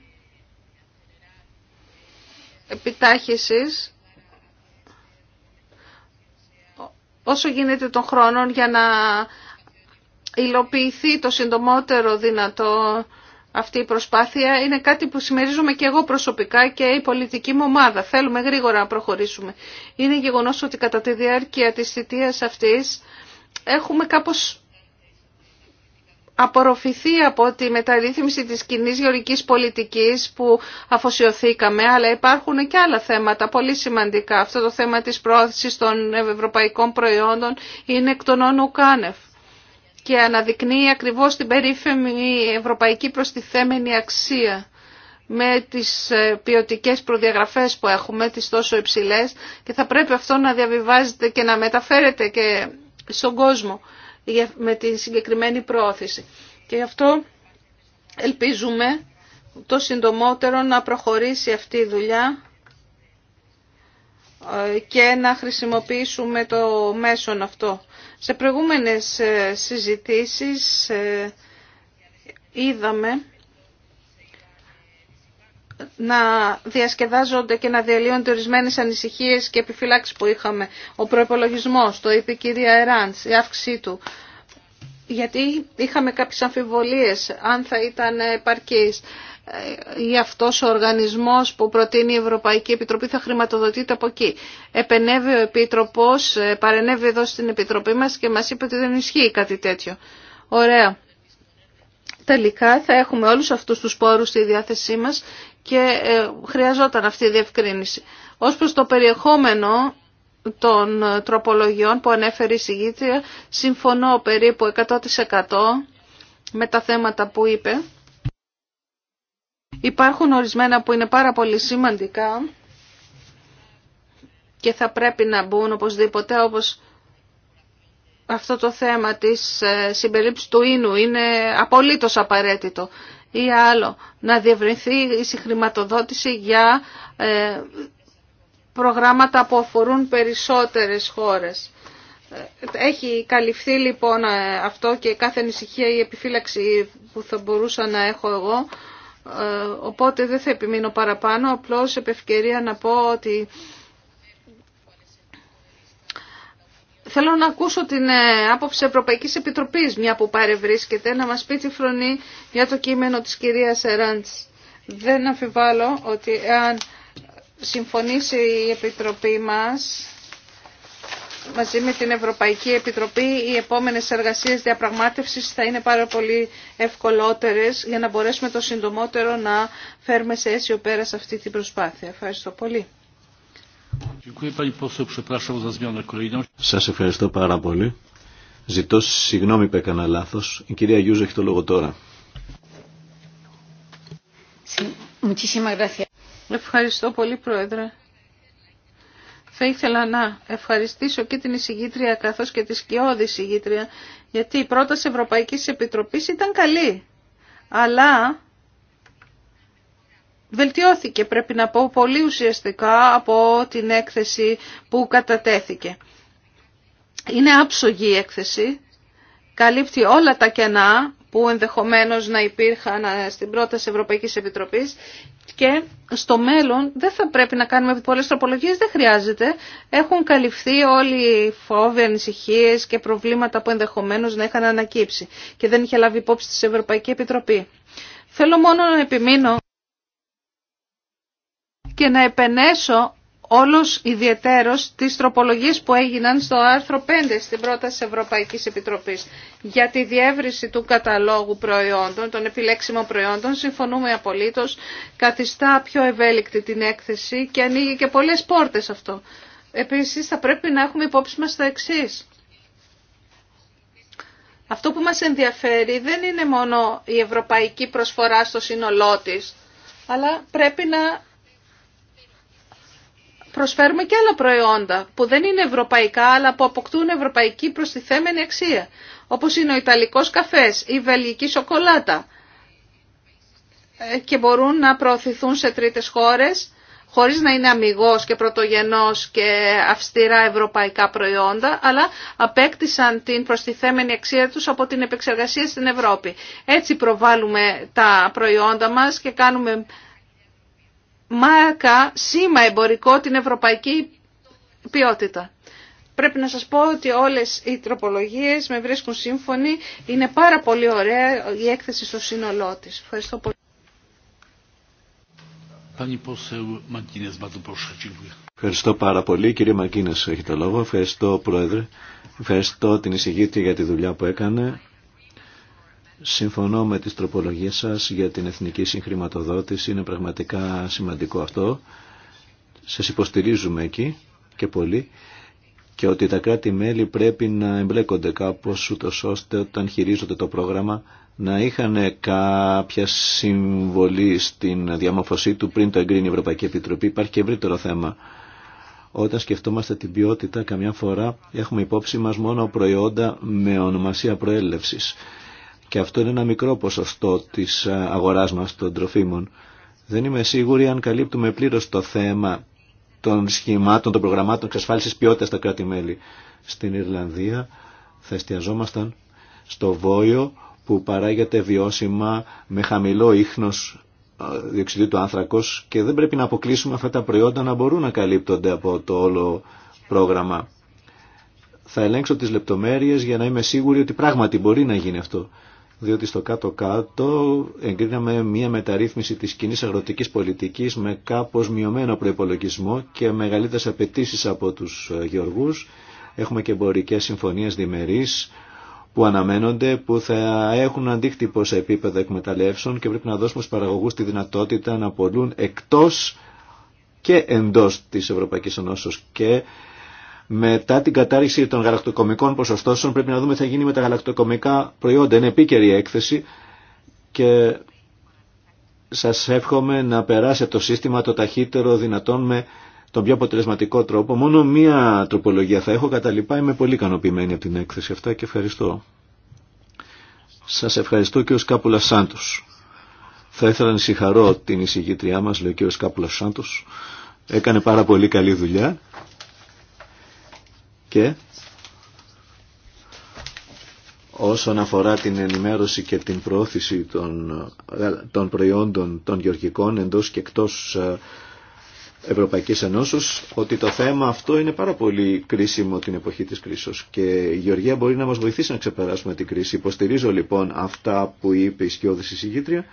επιτάχυσης όσο γίνεται των χρόνων για να υλοποιηθεί το συντομότερο δυνατό αυτή η προσπάθεια είναι κάτι που συμμερίζομαι και εγώ προσωπικά και η πολιτική μου ομάδα. Θέλουμε γρήγορα να προχωρήσουμε. Είναι γεγονός ότι κατά τη διάρκεια της θητείας αυτής έχουμε κάπως απορροφηθεί από τη μεταρρύθμιση της κοινή γεωρικής πολιτικής που αφοσιωθήκαμε, αλλά υπάρχουν και άλλα θέματα πολύ σημαντικά. Αυτό το θέμα της πρόθεσης των ευρωπαϊκών προϊόντων είναι εκ των όνων ουκάνευ και αναδεικνύει ακριβώς την περίφημη ευρωπαϊκή προστιθέμενη αξία με τις ε, ποιοτικέ προδιαγραφές που έχουμε, τις τόσο υψηλές και θα πρέπει αυτό να διαβιβάζεται και να μεταφέρεται και στον κόσμο με τη συγκεκριμένη προώθηση. Και γι' αυτό ελπίζουμε το συντομότερο να προχωρήσει αυτή η δουλειά ε, και να χρησιμοποιήσουμε το μέσον αυτό. Σε προηγούμενες ε, συζητήσεις ε, είδαμε να διασκεδάζονται και να διαλύονται ορισμένε ανησυχίε και επιφυλάξει που είχαμε. Ο προπολογισμό, το είπε η κυρία Εράντ, η αύξησή του. Γιατί είχαμε κάποιε αμφιβολίες αν θα ήταν επαρκή ή αυτός ο οργανισμός που προτείνει η Ευρωπαϊκή Επιτροπή θα χρηματοδοτείται από εκεί. Επενεύει ο Επίτροπος, ε, παρενεύει εδώ στην Επιτροπή μας και μας είπε ότι δεν ισχύει κάτι τέτοιο. Ωραία. Τελικά θα έχουμε όλους αυτούς τους πόρους στη διάθεσή μας και ε, χρειαζόταν αυτή η διευκρίνηση. Ως προς το περιεχόμενο των ε, τροπολογιών που ανέφερε η συγγήτρια, συμφωνώ περίπου 100% με τα θέματα που είπε. Υπάρχουν ορισμένα που είναι πάρα πολύ σημαντικά και θα πρέπει να μπουν οπωσδήποτε όπως αυτό το θέμα της ε, συμπερίληψης του ίνου είναι απολύτως απαραίτητο ή άλλο να διευρυνθεί η συγχρηματοδότηση για ε, προγράμματα που αφορούν περισσότερες χώρες. Ε, έχει καλυφθεί λοιπόν αυτό και κάθε ανησυχία ή επιφύλαξη που θα μπορούσα να έχω εγώ ε, οπότε δεν θα επιμείνω παραπάνω, απλώς επευκαιρία να πω ότι θέλω να ακούσω την ε, άποψη Ευρωπαϊκής Επιτροπής, μια που παρευρίσκεται, να μας πει τη φρονή για το κείμενο της κυρίας Εράντς. Δεν αμφιβάλλω ότι εάν συμφωνήσει η Επιτροπή μας μαζί με την Ευρωπαϊκή Επιτροπή οι επόμενες εργασίες διαπραγμάτευσης θα είναι πάρα πολύ ευκολότερες για να μπορέσουμε το συντομότερο να φέρουμε σε αίσιο πέρα σε αυτή την προσπάθεια. Ευχαριστώ πολύ. Σας ευχαριστώ πάρα πολύ. Ζητώ συγγνώμη που έκανα λάθος. Η κυρία Γιούζα έχει το λόγο τώρα. Ευχαριστώ πολύ Πρόεδρε. Θα ήθελα να ευχαριστήσω και την εισηγήτρια καθώς και τη σκιώδη εισηγήτρια γιατί η πρόταση Ευρωπαϊκής Επιτροπής ήταν καλή αλλά βελτιώθηκε πρέπει να πω πολύ ουσιαστικά από την έκθεση που κατατέθηκε. Είναι άψογη η έκθεση, καλύπτει όλα τα κενά που ενδεχομένως να υπήρχαν ε, στην πρόταση Ευρωπαϊκής Επιτροπής και στο μέλλον δεν θα πρέπει να κάνουμε πολλές τροπολογίες, δεν χρειάζεται. Έχουν καλυφθεί όλοι οι φόβοι, ανησυχίε και προβλήματα που ενδεχομένως να είχαν ανακύψει και δεν είχε λάβει υπόψη της Ευρωπαϊκή Επιτροπή. Θέλω μόνο να επιμείνω και να επενέσω όλος ιδιαιτέρως τις τροπολογίες που έγιναν στο άρθρο 5 στην πρόταση Ευρωπαϊκής Επιτροπής για τη διεύρυνση του καταλόγου προϊόντων, των επιλέξιμων προϊόντων, συμφωνούμε απολύτως, καθιστά πιο ευέλικτη την έκθεση και ανοίγει και πολλές πόρτες αυτό. Επίσης θα πρέπει να έχουμε υπόψη μας το εξή. Αυτό που μας ενδιαφέρει δεν είναι μόνο η ευρωπαϊκή προσφορά στο σύνολό της, αλλά πρέπει να προσφέρουμε και άλλα προϊόντα που δεν είναι ευρωπαϊκά αλλά που αποκτούν ευρωπαϊκή προστιθέμενη αξία. Όπως είναι ο Ιταλικός καφές, η η Βελγική σοκολάτα ε, και μπορούν να προωθηθούν σε τρίτες χώρες χωρίς να είναι αμυγός και πρωτογενός και αυστηρά ευρωπαϊκά προϊόντα, αλλά απέκτησαν την προστιθέμενη αξία τους από την επεξεργασία στην Ευρώπη. Έτσι προβάλλουμε τα προϊόντα μας και κάνουμε μάρκα, σήμα εμπορικό την ευρωπαϊκή ποιότητα. Πρέπει να σας πω ότι όλες οι τροπολογίες με βρίσκουν σύμφωνοι. Είναι πάρα πολύ ωραία η έκθεση στο σύνολό της. Ευχαριστώ πολύ. Ευχαριστώ πάρα πολύ. Κύριε Μακίνες έχει το λόγο. Ευχαριστώ Πρόεδρε. Ευχαριστώ την εισηγήτρια για τη δουλειά που έκανε. Συμφωνώ με τις τροπολογίες σας για την εθνική συγχρηματοδότηση. Είναι πραγματικά σημαντικό αυτό. Σε υποστηρίζουμε εκεί και πολύ και ότι τα κράτη-μέλη πρέπει να εμπλέκονται κάπως ούτως ώστε όταν χειρίζονται το πρόγραμμα να είχαν κάποια συμβολή στην διαμόρφωσή του πριν το εγκρίνει η Ευρωπαϊκή Επιτροπή. Υπάρχει και ευρύτερο θέμα. Όταν σκεφτόμαστε την ποιότητα, καμιά φορά έχουμε υπόψη μας μόνο προϊόντα με ονομασία προέλευσης. Και αυτό είναι ένα μικρό ποσοστό της ε, αγοράς μας των τροφίμων. Δεν είμαι σίγουρη αν καλύπτουμε πλήρως το θέμα των σχημάτων, των προγραμμάτων εξασφάλισης ποιότητας στα κράτη-μέλη. Στην Ιρλανδία θα εστιαζόμασταν στο βόλιο που παράγεται βιώσιμα με χαμηλό ίχνος ε, διοξιδίου του άνθρακος και δεν πρέπει να αποκλείσουμε αυτά τα προϊόντα να μπορούν να καλύπτονται από το όλο πρόγραμμα. Θα ελέγξω τις λεπτομέρειες για να είμαι σίγουρη ότι πράγματι μπορεί να γίνει αυτό διότι στο κάτω-κάτω εγκρίναμε μια μεταρρύθμιση της κοινή αγροτικής πολιτικής με κάπως μειωμένο προϋπολογισμό και μεγαλύτερες απαιτήσει από τους ε, γεωργούς. Έχουμε και εμπορικές συμφωνίες διμερείς που αναμένονται, που θα έχουν αντίκτυπο σε επίπεδο εκμεταλλεύσεων και πρέπει να δώσουμε στους παραγωγούς τη δυνατότητα να πολλούν εκτός και εντός της Ευρωπαϊκής Ενώσεως και μετά την κατάρριξη των γαλακτοκομικών ποσοστώσεων πρέπει να δούμε τι θα γίνει με τα γαλακτοκομικά προϊόντα. Είναι επίκαιρη έκθεση και σας εύχομαι να περάσει το σύστημα το ταχύτερο δυνατόν με τον πιο αποτελεσματικό τρόπο. Μόνο μία τροπολογία θα έχω κατά λοιπά. Είμαι πολύ ικανοποιημένη από την έκθεση αυτά και ευχαριστώ. Σας ευχαριστώ και ο Σκάπουλα Σάντος. Θα ήθελα να συγχαρώ την εισηγήτριά μας, λέει ο κ. Σκάπουλα Σάντος. Έκανε πάρα πολύ καλή δουλειά και όσον αφορά την ενημέρωση και την προώθηση των, προϊόντων των γεωργικών εντός και εκτός ε, Ευρωπαϊκής Ενώσεως ότι το θέμα αυτό είναι πάρα πολύ κρίσιμο την εποχή της κρίσης και η Γεωργία μπορεί να μας βοηθήσει να ξεπεράσουμε την κρίση. Υποστηρίζω λοιπόν αυτά που είπε η σκιώδηση συγκήτρια,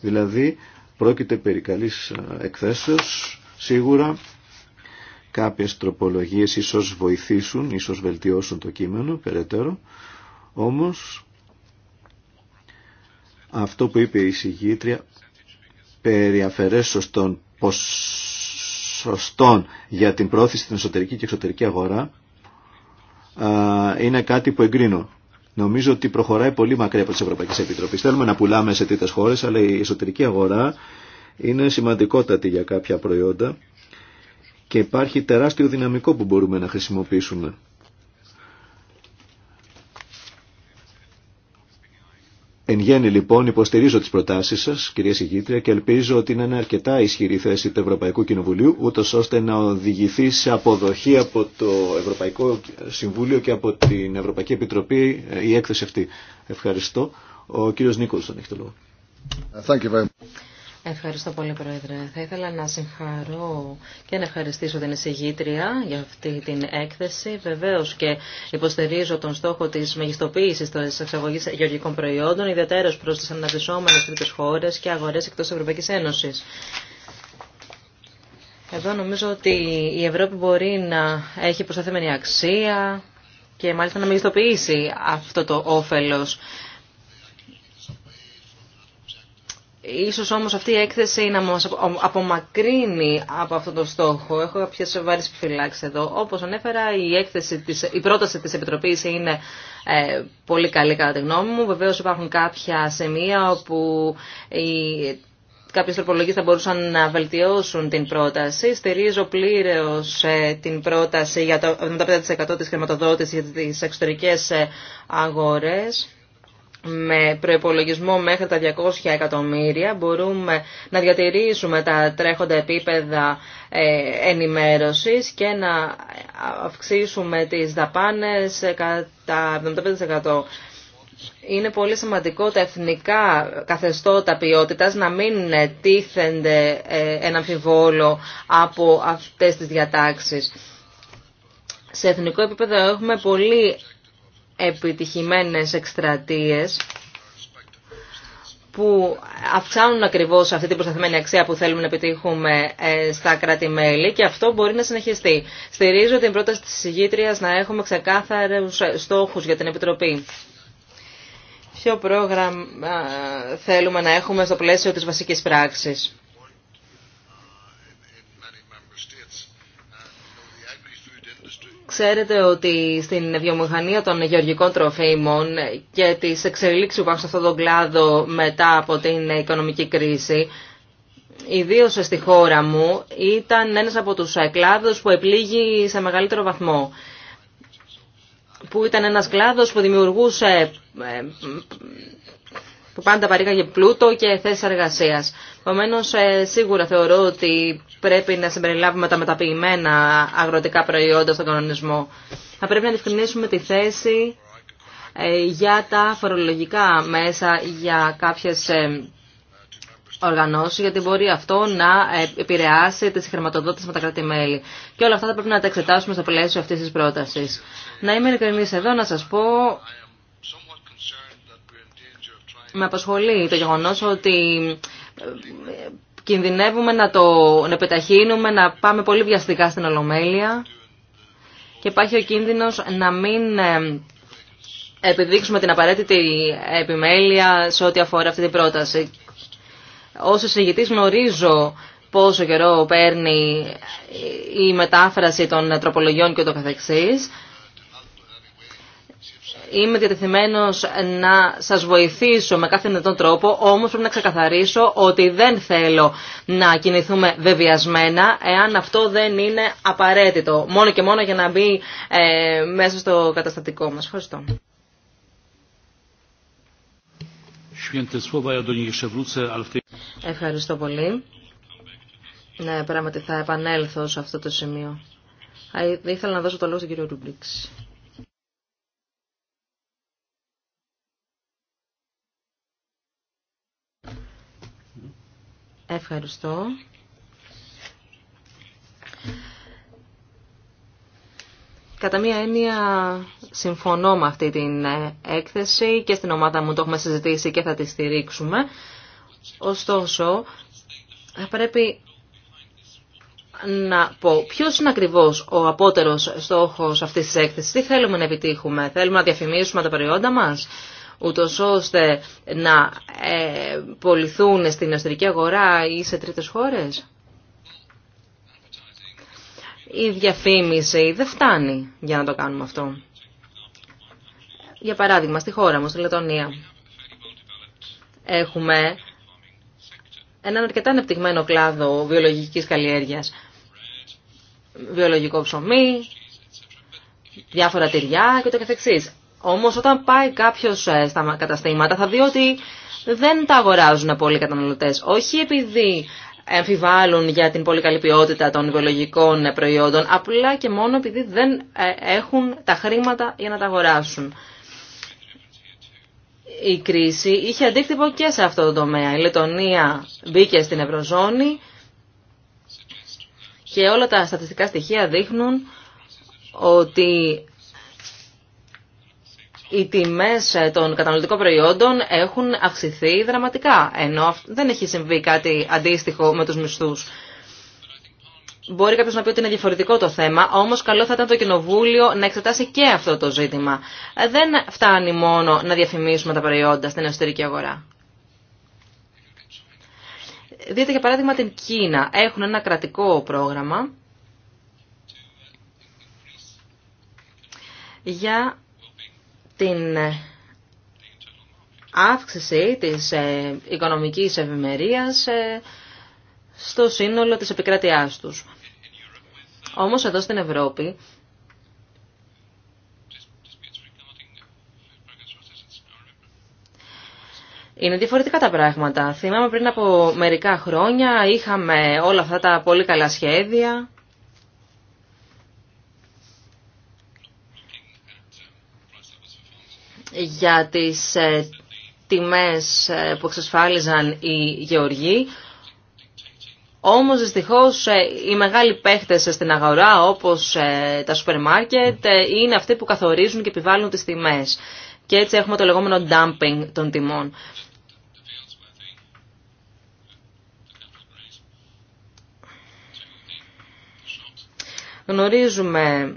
δηλαδή πρόκειται περί καλής ε, εκθέσεως σίγουρα Κάποιες τροπολογίες ίσως βοηθήσουν, ίσως βελτιώσουν το κείμενο περαιτέρω, όμως αυτό που είπε η συγγήτρια περί αφαιρέσεως των ποσοστών για την πρόθεση στην εσωτερική και εξωτερική αγορά είναι κάτι που εγκρίνω. Νομίζω ότι προχωράει πολύ μακριά από τις Ευρωπαϊκές Επιτροπές. Θέλουμε να πουλάμε σε τρίτες χώρες, αλλά η εσωτερική αγορά είναι σημαντικότατη για κάποια προϊόντα και υπάρχει τεράστιο δυναμικό που μπορούμε να χρησιμοποιήσουμε. Εν γέννη λοιπόν υποστηρίζω τις προτάσεις σας κυρία Συγήτρια και ελπίζω ότι είναι αρκετά ισχυρή θέση του Ευρωπαϊκού Κοινοβουλίου ούτω ώστε να οδηγηθεί σε αποδοχή από το Ευρωπαϊκό Συμβούλιο και από την Ευρωπαϊκή Επιτροπή ε, η έκθεση αυτή. Ευχαριστώ. Ο κύριος Νίκολσον έχει το λόγο. Ευχαριστώ πολύ, Πρόεδρε. Θα ήθελα να συγχαρώ και να ευχαριστήσω την εισηγήτρια για αυτή την έκθεση. Βεβαίω και υποστηρίζω τον στόχο τη μεγιστοποίηση τη εξαγωγή γεωργικών προϊόντων, ιδιαίτερω προ τι αναπτυσσόμενε τρίτε χώρε και αγορέ εκτό Ευρωπαϊκή Ένωση. Εδώ νομίζω ότι η Ευρώπη μπορεί να έχει προσταθέμενη αξία και μάλιστα να μεγιστοποιήσει αυτό το όφελος Ίσως όμως αυτή η έκθεση να μας απομακρύνει από αυτό το στόχο. Έχω κάποιε σοβαρές επιφυλάξεις εδώ. Όπως ανέφερα, η, έκθεση της, η πρόταση της Επιτροπής είναι ε, πολύ καλή κατά τη γνώμη μου. Βεβαίως υπάρχουν κάποια σημεία όπου οι, κάποιες τροπολογίες θα μπορούσαν να βελτιώσουν την πρόταση. Στηρίζω πλήρως ε, την πρόταση για το 75% της χρηματοδότησης για τις εξωτερικές ε, αγορές με προπολογισμό μέχρι τα 200 εκατομμύρια μπορούμε να διατηρήσουμε τα τρέχοντα επίπεδα ε, ενημέρωσης και να αυξήσουμε τις δαπάνες κατά 75%. Είναι πολύ σημαντικό τα εθνικά καθεστώτα ποιότητας να μην τίθενται ένα ε, αμφιβόλο από αυτές τις διατάξεις. Σε εθνικό επίπεδο έχουμε πολύ επιτυχημένες εκστρατείες που αυξάνουν ακριβώς αυτή την προσταθμένη αξία που θέλουμε να επιτύχουμε ε, στα κράτη-μέλη και αυτό μπορεί να συνεχιστεί. Στηρίζω την πρόταση της συγγήτριας να έχουμε ξεκάθαρους ε, στόχους για την Επιτροπή. Ποιο πρόγραμμα ε, θέλουμε να έχουμε στο πλαίσιο της βασικής πράξης. Ξέρετε ότι στην βιομηχανία των γεωργικών τροφίμων και της εξελίξεις που υπάρχουν σε αυτόν τον κλάδο μετά από την οικονομική κρίση, ιδίω στη χώρα μου, ήταν ένας από τους κλάδους που επλήγει σε μεγαλύτερο βαθμό. Που ήταν ένας κλάδος που δημιουργούσε ε, που πάντα παρήγαγε πλούτο και θέσει εργασία. Επομένω, ε, σίγουρα θεωρώ ότι πρέπει να συμπεριλάβουμε τα μεταποιημένα αγροτικά προϊόντα στον κανονισμό. Θα πρέπει να διευκρινίσουμε τη θέση ε, για τα φορολογικά μέσα για κάποιες ε, οργανώσει, γιατί μπορεί αυτό να επηρεάσει τι χρηματοδότητε με τα κράτη-μέλη. Και όλα αυτά θα πρέπει να τα εξετάσουμε στο πλαίσιο αυτή τη πρόταση. Να είμαι ειλικρινή εδώ, να σα πω με απασχολεί το γεγονό ότι ε, κινδυνεύουμε να το να να πάμε πολύ βιαστικά στην Ολομέλεια και υπάρχει ο κίνδυνος να μην ε, επιδείξουμε την απαραίτητη επιμέλεια σε ό,τι αφορά αυτή την πρόταση. Ως εισηγητής γνωρίζω πόσο καιρό παίρνει η μετάφραση των τροπολογιών και το καθεξής είμαι διατεθειμένος να σας βοηθήσω με κάθε δυνατόν τρόπο, όμως πρέπει να ξεκαθαρίσω ότι δεν θέλω να κινηθούμε βεβαιασμένα εάν αυτό δεν είναι απαραίτητο, μόνο και μόνο για να μπει ε, μέσα στο καταστατικό μας. Ευχαριστώ. Ευχαριστώ πολύ. Ναι, πράγματι θα επανέλθω σε αυτό το σημείο. Ήθελα να δώσω το λόγο στον κύριο Ρουμπρίξη. Ευχαριστώ. Κατά μία έννοια συμφωνώ με αυτή την ε, έκθεση και στην ομάδα μου το έχουμε συζητήσει και θα τη στηρίξουμε. Ωστόσο, πρέπει να πω ποιος είναι ακριβώς ο απότερος στόχος αυτής της έκθεσης. Τι θέλουμε να επιτύχουμε. Θέλουμε να διαφημίσουμε τα προϊόντα μας ούτως ώστε να ε, στην εσωτερική αγορά ή σε τρίτες χώρες. Η διαφήμιση δεν φτάνει για να το κάνουμε αυτό. Για παράδειγμα, στη χώρα μου, στη Λετωνία, έχουμε έναν αρκετά ανεπτυγμένο κλάδο βιολογικής καλλιέργειας. Βιολογικό ψωμί, διάφορα τυριά και το καθεξής. Όμως όταν πάει κάποιος ε, στα καταστήματα θα δει ότι δεν τα αγοράζουν πολλοί καταναλωτές. Όχι επειδή εμφιβάλλουν για την πολύ καλή ποιότητα των βιολογικών ε, προϊόντων, απλά και μόνο επειδή δεν ε, έχουν τα χρήματα για να τα αγοράσουν. Η κρίση είχε αντίκτυπο και σε αυτό το τομέα. Η Λετωνία μπήκε στην Ευρωζώνη και όλα τα στατιστικά στοιχεία δείχνουν ότι οι τιμές ε, των καταναλωτικών προϊόντων έχουν αυξηθεί δραματικά, ενώ δεν έχει συμβεί κάτι αντίστοιχο με τους μισθούς. Μπορεί κάποιο να πει ότι είναι διαφορετικό το θέμα, όμω καλό θα ήταν το Κοινοβούλιο να εξετάσει και αυτό το ζήτημα. Ε, δεν φτάνει μόνο να διαφημίσουμε τα προϊόντα στην εσωτερική αγορά. Δείτε για παράδειγμα την Κίνα. Έχουν ένα κρατικό πρόγραμμα για την αύξηση της ε, οικονομικής ευημερίας ε, στο σύνολο της επικράτειάς τους. Όμως εδώ στην Ευρώπη Είναι διαφορετικά τα πράγματα. Θυμάμαι πριν από μερικά χρόνια είχαμε όλα αυτά τα πολύ καλά σχέδια για τις ε, τιμές ε, που εξασφάλιζαν οι γεωργοί. Όμως δυστυχώς ε, οι μεγάλοι παίχτες στην αγορά όπως τα σούπερ μάρκετ είναι αυτοί που καθορίζουν και επιβάλλουν τις τιμές. Και έτσι έχουμε το λεγόμενο dumping των τιμών. Γνωρίζουμε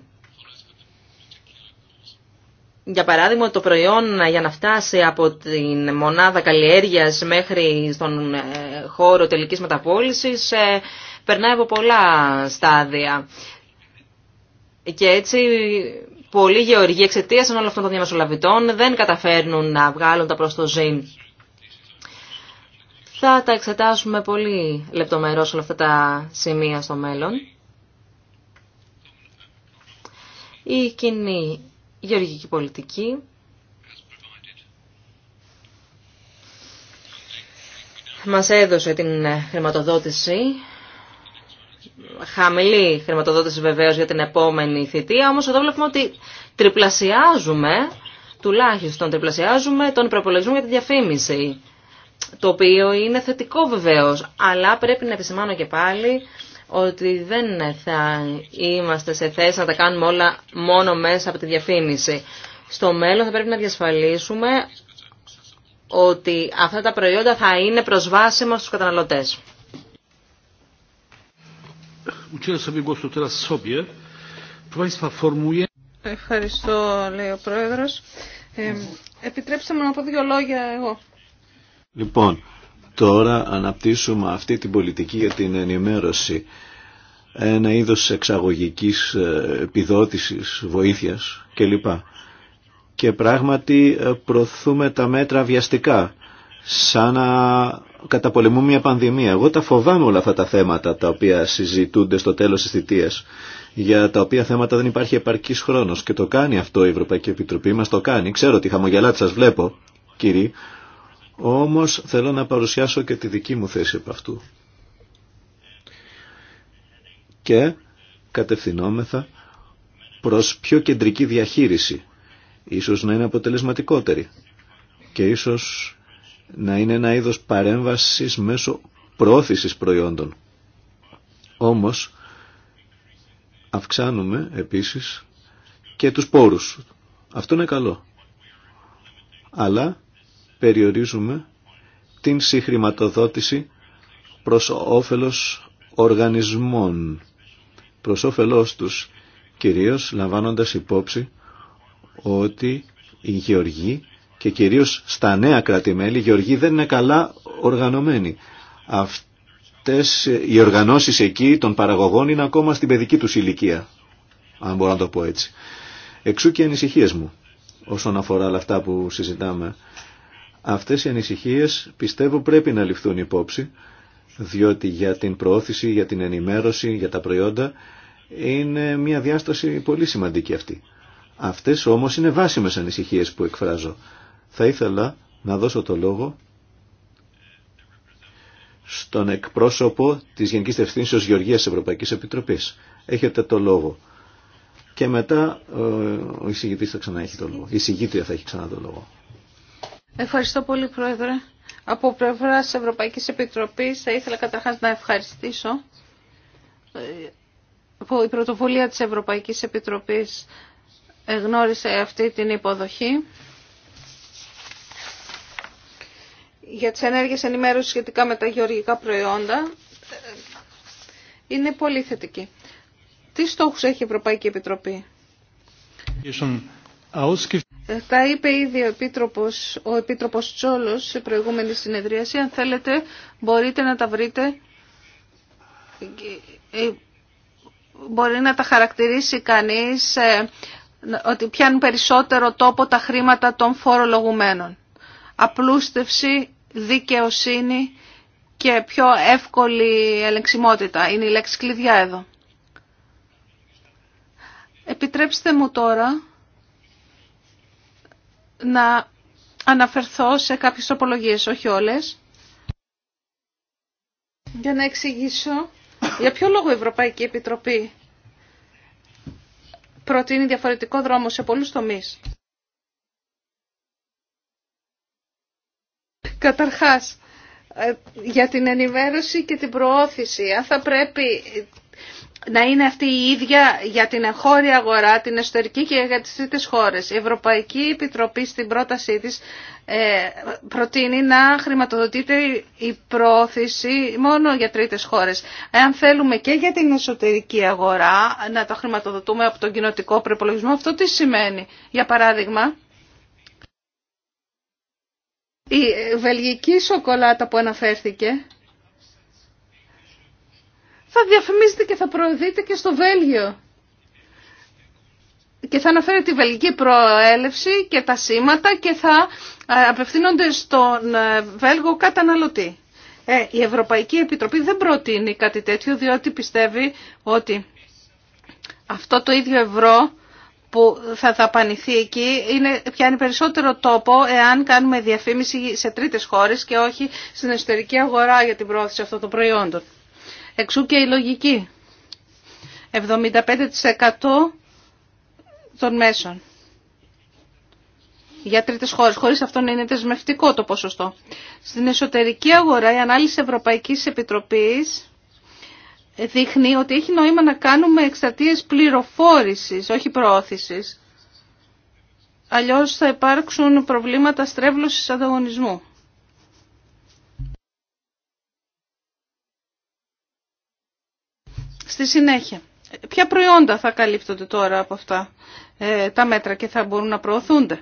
για παράδειγμα, το προϊόν για να φτάσει από την μονάδα καλλιέργειας μέχρι στον ε, χώρο τελικής μεταπόλησης ε, περνάει από πολλά στάδια. Και έτσι πολλοί γεωργοί εξαιτία όλων αυτών των διαμεσολαβητών δεν καταφέρνουν να βγάλουν τα προς το ζήν. Θα τα εξετάσουμε πολύ λεπτομερώς όλα αυτά τα σημεία στο μέλλον. Η κοινή γεωργική πολιτική. Μας έδωσε την χρηματοδότηση, χαμηλή χρηματοδότηση βεβαίως για την επόμενη θητεία, όμως εδώ βλέπουμε ότι τριπλασιάζουμε, τουλάχιστον τριπλασιάζουμε τον προπολογισμό για τη διαφήμιση, το οποίο είναι θετικό βεβαίως, αλλά πρέπει να επισημάνω και πάλι ότι δεν θα είμαστε σε θέση να τα κάνουμε όλα μόνο μέσα από τη διαφήμιση. Στο μέλλον θα πρέπει να διασφαλίσουμε ότι αυτά τα προϊόντα θα είναι προσβάσιμα στους καταναλωτές. Ευχαριστώ, λέει ο Πρόεδρος. Ε, επιτρέψτε μου να πω δύο λόγια εγώ. Λοιπόν, Τώρα αναπτύσσουμε αυτή την πολιτική για την ενημέρωση. Ένα είδος εξαγωγικής ε, επιδότησης, βοήθειας κλπ. Και πράγματι ε, προωθούμε τα μέτρα βιαστικά, σαν να καταπολεμούμε μια πανδημία. Εγώ τα φοβάμαι όλα αυτά τα θέματα τα οποία συζητούνται στο τέλος της θητείας για τα οποία θέματα δεν υπάρχει επαρκής χρόνος και το κάνει αυτό η Ευρωπαϊκή Επιτροπή μας το κάνει. Ξέρω ότι χαμογελάτε σας βλέπω κύριοι όμως θέλω να παρουσιάσω και τη δική μου θέση από αυτού. Και κατευθυνόμεθα προς πιο κεντρική διαχείριση, ίσως να είναι αποτελεσματικότερη και ίσως να είναι ένα είδος παρέμβασης μέσω προώθησης προϊόντων. Όμως αυξάνουμε επίσης και τους πόρους. Αυτό είναι καλό. Αλλά περιορίζουμε την συγχρηματοδότηση προς όφελος οργανισμών, προς όφελός τους, κυρίως λαμβάνοντας υπόψη ότι οι γεωργοί και κυρίως στα νέα κράτη-μέλη, οι δεν είναι καλά οργανωμένοι. Αυτές οι οργανώσεις εκεί των παραγωγών είναι ακόμα στην παιδική τους ηλικία, αν μπορώ να το πω έτσι. Εξού και ανησυχίε μου όσον αφορά όλα αυτά που συζητάμε Αυτές οι ανησυχίες πιστεύω πρέπει να ληφθούν υπόψη, διότι για την προώθηση, για την ενημέρωση, για τα προϊόντα είναι μια διάσταση πολύ σημαντική αυτή. Αυτές όμως είναι βάσιμες ανησυχίες που εκφράζω. Θα ήθελα να δώσω το λόγο στον εκπρόσωπο της Γενικής Διευθύνσεως Γεωργίας Ευρωπαϊκής Επιτροπής. Έχετε το λόγο. Και μετά ε, ο εισηγητής θα ξανά το λόγο. Η εισηγήτρια θα έχει ξανά το λόγο. Ευχαριστώ πολύ, Πρόεδρε. Από πλευρά τη Ευρωπαϊκή Επιτροπή θα ήθελα καταρχά να ευχαριστήσω ε, που η πρωτοβουλία της Ευρωπαϊκής Επιτροπής γνώρισε αυτή την υποδοχή για τις ενέργειες ενημέρωση σχετικά με τα γεωργικά προϊόντα ε, είναι πολύ θετική. Τι στόχους έχει η Ευρωπαϊκή Επιτροπή. Ε, τα είπε ήδη ο Επίτροπος, ο Επίτροπος Τσόλος σε προηγούμενη συνεδρίαση. Αν θέλετε μπορείτε να τα βρείτε. Ε, ε, μπορεί να τα χαρακτηρίσει κανείς ότι πιάνουν περισσότερο τόπο τα χρήματα των φορολογουμένων. Απλούστευση, δικαιοσύνη και πιο εύκολη ελεξιμότητα. Είναι η λέξη κλειδιά εδώ. Επιτρέψτε μου τώρα να αναφερθώ σε κάποιες τροπολογίες, όχι όλες, για να εξηγήσω για ποιο λόγο η Ευρωπαϊκή Επιτροπή προτείνει διαφορετικό δρόμο σε πολλούς τομείς. Καταρχάς, ε, για την ενημέρωση και την προώθηση. θα πρέπει να είναι αυτή η ίδια για την εγχώρια αγορά, την εσωτερική και για τις τρίτες χώρες. Η Ευρωπαϊκή Επιτροπή στην πρότασή της ε, προτείνει να χρηματοδοτείται η πρόθεση μόνο για τρίτες χώρες. Εάν θέλουμε και για την εσωτερική αγορά να τα χρηματοδοτούμε από τον κοινοτικό προπολογισμό, αυτό τι σημαίνει. Για παράδειγμα, η βελγική σοκολάτα που αναφέρθηκε, θα διαφημίζετε και θα προωθείτε και στο Βέλγιο. Και θα αναφέρει τη βελγική προέλευση και τα σήματα και θα ε, απευθύνονται στον ε, Βέλγο καταναλωτή. Ε, η Ευρωπαϊκή Επιτροπή δεν προτείνει κάτι τέτοιο διότι πιστεύει ότι αυτό το ίδιο ευρώ που θα δαπανηθεί εκεί είναι, πιάνει περισσότερο τόπο εάν κάνουμε διαφήμιση σε τρίτες χώρες και όχι στην εσωτερική αγορά για την πρόθεση αυτών των προϊόντων. Εξού και η λογική. 75% των μέσων. Για τρίτες χώρες, χωρίς αυτό να είναι δεσμευτικό το ποσοστό. Στην εσωτερική αγορά η ανάλυση Ευρωπαϊκής Επιτροπής δείχνει ότι έχει νόημα να κάνουμε εκστατείες πληροφόρησης, όχι προώθησης. Αλλιώς θα υπάρξουν προβλήματα στρέβλωσης ανταγωνισμού. Στη συνέχεια, ποια προϊόντα θα καλύπτονται τώρα από αυτά ε, τα μέτρα και θα μπορούν να προωθούνται.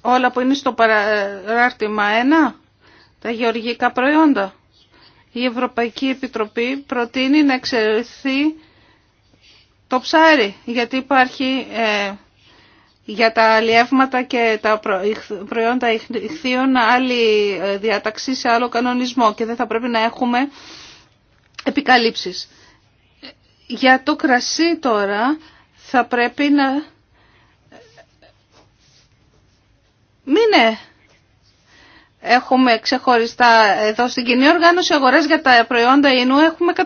Όλα που είναι στο παράρτημα 1, τα γεωργικά προϊόντα. Η Ευρωπαϊκή Επιτροπή προτείνει να εξαιρεθεί το ψάρι, γιατί υπάρχει... Ε, για τα αλλιεύματα και τα προϊόντα ηχθείων άλλη ε, διαταξή σε άλλο κανονισμό και δεν θα πρέπει να έχουμε επικαλύψεις. Για το κρασί τώρα θα πρέπει να μην έχουμε ξεχωριστά εδώ στην κοινή οργάνωση αγορές για τα προϊόντα ίνου έχουμε 145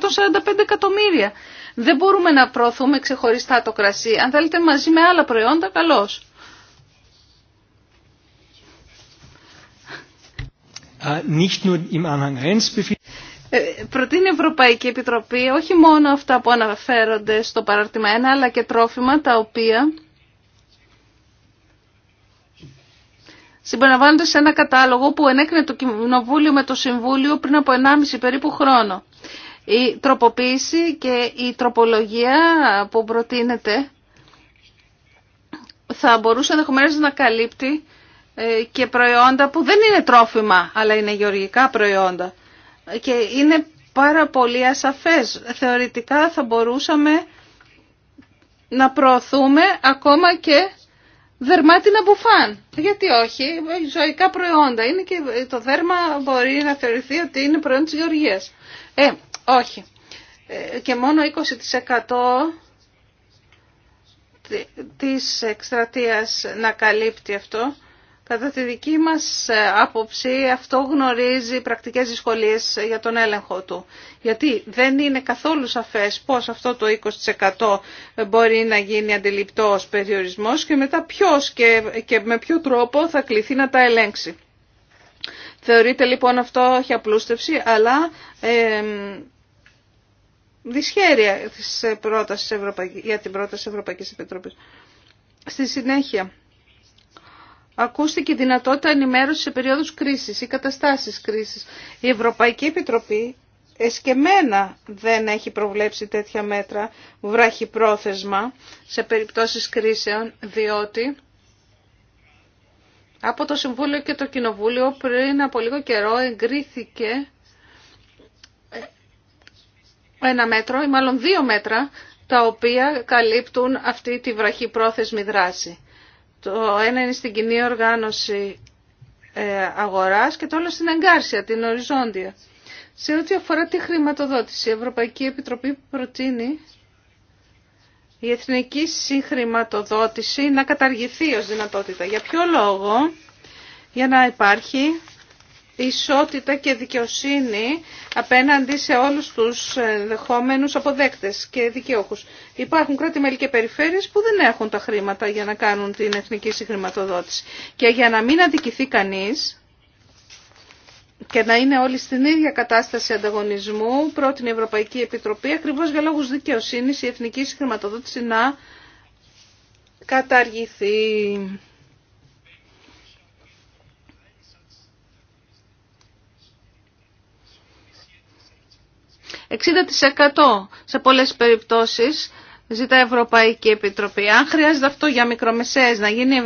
εκατομμύρια δεν μπορούμε να προωθούμε ξεχωριστά το κρασί. Αν θέλετε μαζί με άλλα προϊόντα, καλώς. Nicht ε, Προτείνει η Ευρωπαϊκή Επιτροπή όχι μόνο αυτά που αναφέρονται στο παράρτημα 1, αλλά και τρόφιμα τα οποία συμπεριλαμβάνονται σε ένα κατάλογο που ενέκρινε το Κοινοβούλιο με το Συμβούλιο πριν από 1,5 περίπου χρόνο. Η τροποποίηση και η τροπολογία που προτείνεται θα μπορούσε ενδεχομένω να καλύπτει ε, και προϊόντα που δεν είναι τρόφιμα, αλλά είναι γεωργικά προϊόντα. Και είναι πάρα πολύ ασαφές. Θεωρητικά θα μπορούσαμε να προωθούμε ακόμα και δερμάτινα μπουφάν. Γιατί όχι, ζωικά προϊόντα. Είναι και το δέρμα μπορεί να θεωρηθεί ότι είναι προϊόν της γεωργίας. Ε, όχι. Ε, και μόνο 20% της εκστρατείας να καλύπτει αυτό. Κατά τη δική μας ε, άποψη αυτό γνωρίζει πρακτικές δυσκολίες για τον έλεγχο του. Γιατί δεν είναι καθόλου σαφές πώς αυτό το 20% μπορεί να γίνει αντιληπτό περιορισμός και μετά ποιος και με ποιο τρόπο θα κληθεί να τα ελέγξει. Θεωρείται λοιπόν αυτό όχι απλούστευση αλλά ε, δυσχέρεια της πρότασης για την πρόταση Ευρωπαϊκής Επιτροπής. Στη συνέχεια, ακούστηκε η δυνατότητα ενημέρωση σε περίοδους κρίσης ή καταστάσεις κρίσης. Η Ευρωπαϊκή Επιτροπή εσκεμένα δεν έχει προβλέψει τέτοια μέτρα βράχη πρόθεσμα σε περιπτώσεις κρίσεων, διότι από το Συμβούλιο και το Κοινοβούλιο πριν από λίγο καιρό εγκρίθηκε ένα μέτρο ή μάλλον δύο μέτρα τα οποία καλύπτουν αυτή τη βραχή πρόθεσμη δράση. Το ένα είναι στην κοινή οργάνωση ε, αγοράς και το άλλο στην εγκάρσια, την οριζόντια. Σε ό,τι αφορά τη χρηματοδότηση, η Ευρωπαϊκή Επιτροπή προτείνει η εθνική συγχρηματοδότηση να καταργηθεί ως δυνατότητα. Για ποιο λόγο, για να υπάρχει ισότητα και δικαιοσύνη απέναντι σε όλους τους δεχόμενους αποδέκτες και δικαιούχους. Υπάρχουν κράτη-μέλη και περιφέρειες που δεν έχουν τα χρήματα για να κάνουν την εθνική συγχρηματοδότηση. Και για να μην αντικηθεί κανείς και να είναι όλοι στην ίδια κατάσταση ανταγωνισμού, πρότεινε η Ευρωπαϊκή Επιτροπή ακριβώς για λόγους δικαιοσύνης η εθνική συγχρηματοδότηση να καταργηθεί. 60% σε πολλές περιπτώσεις ζητά Ευρωπαϊκή Επιτροπή. Αν χρειάζεται αυτό για μικρομεσαίες να γίνει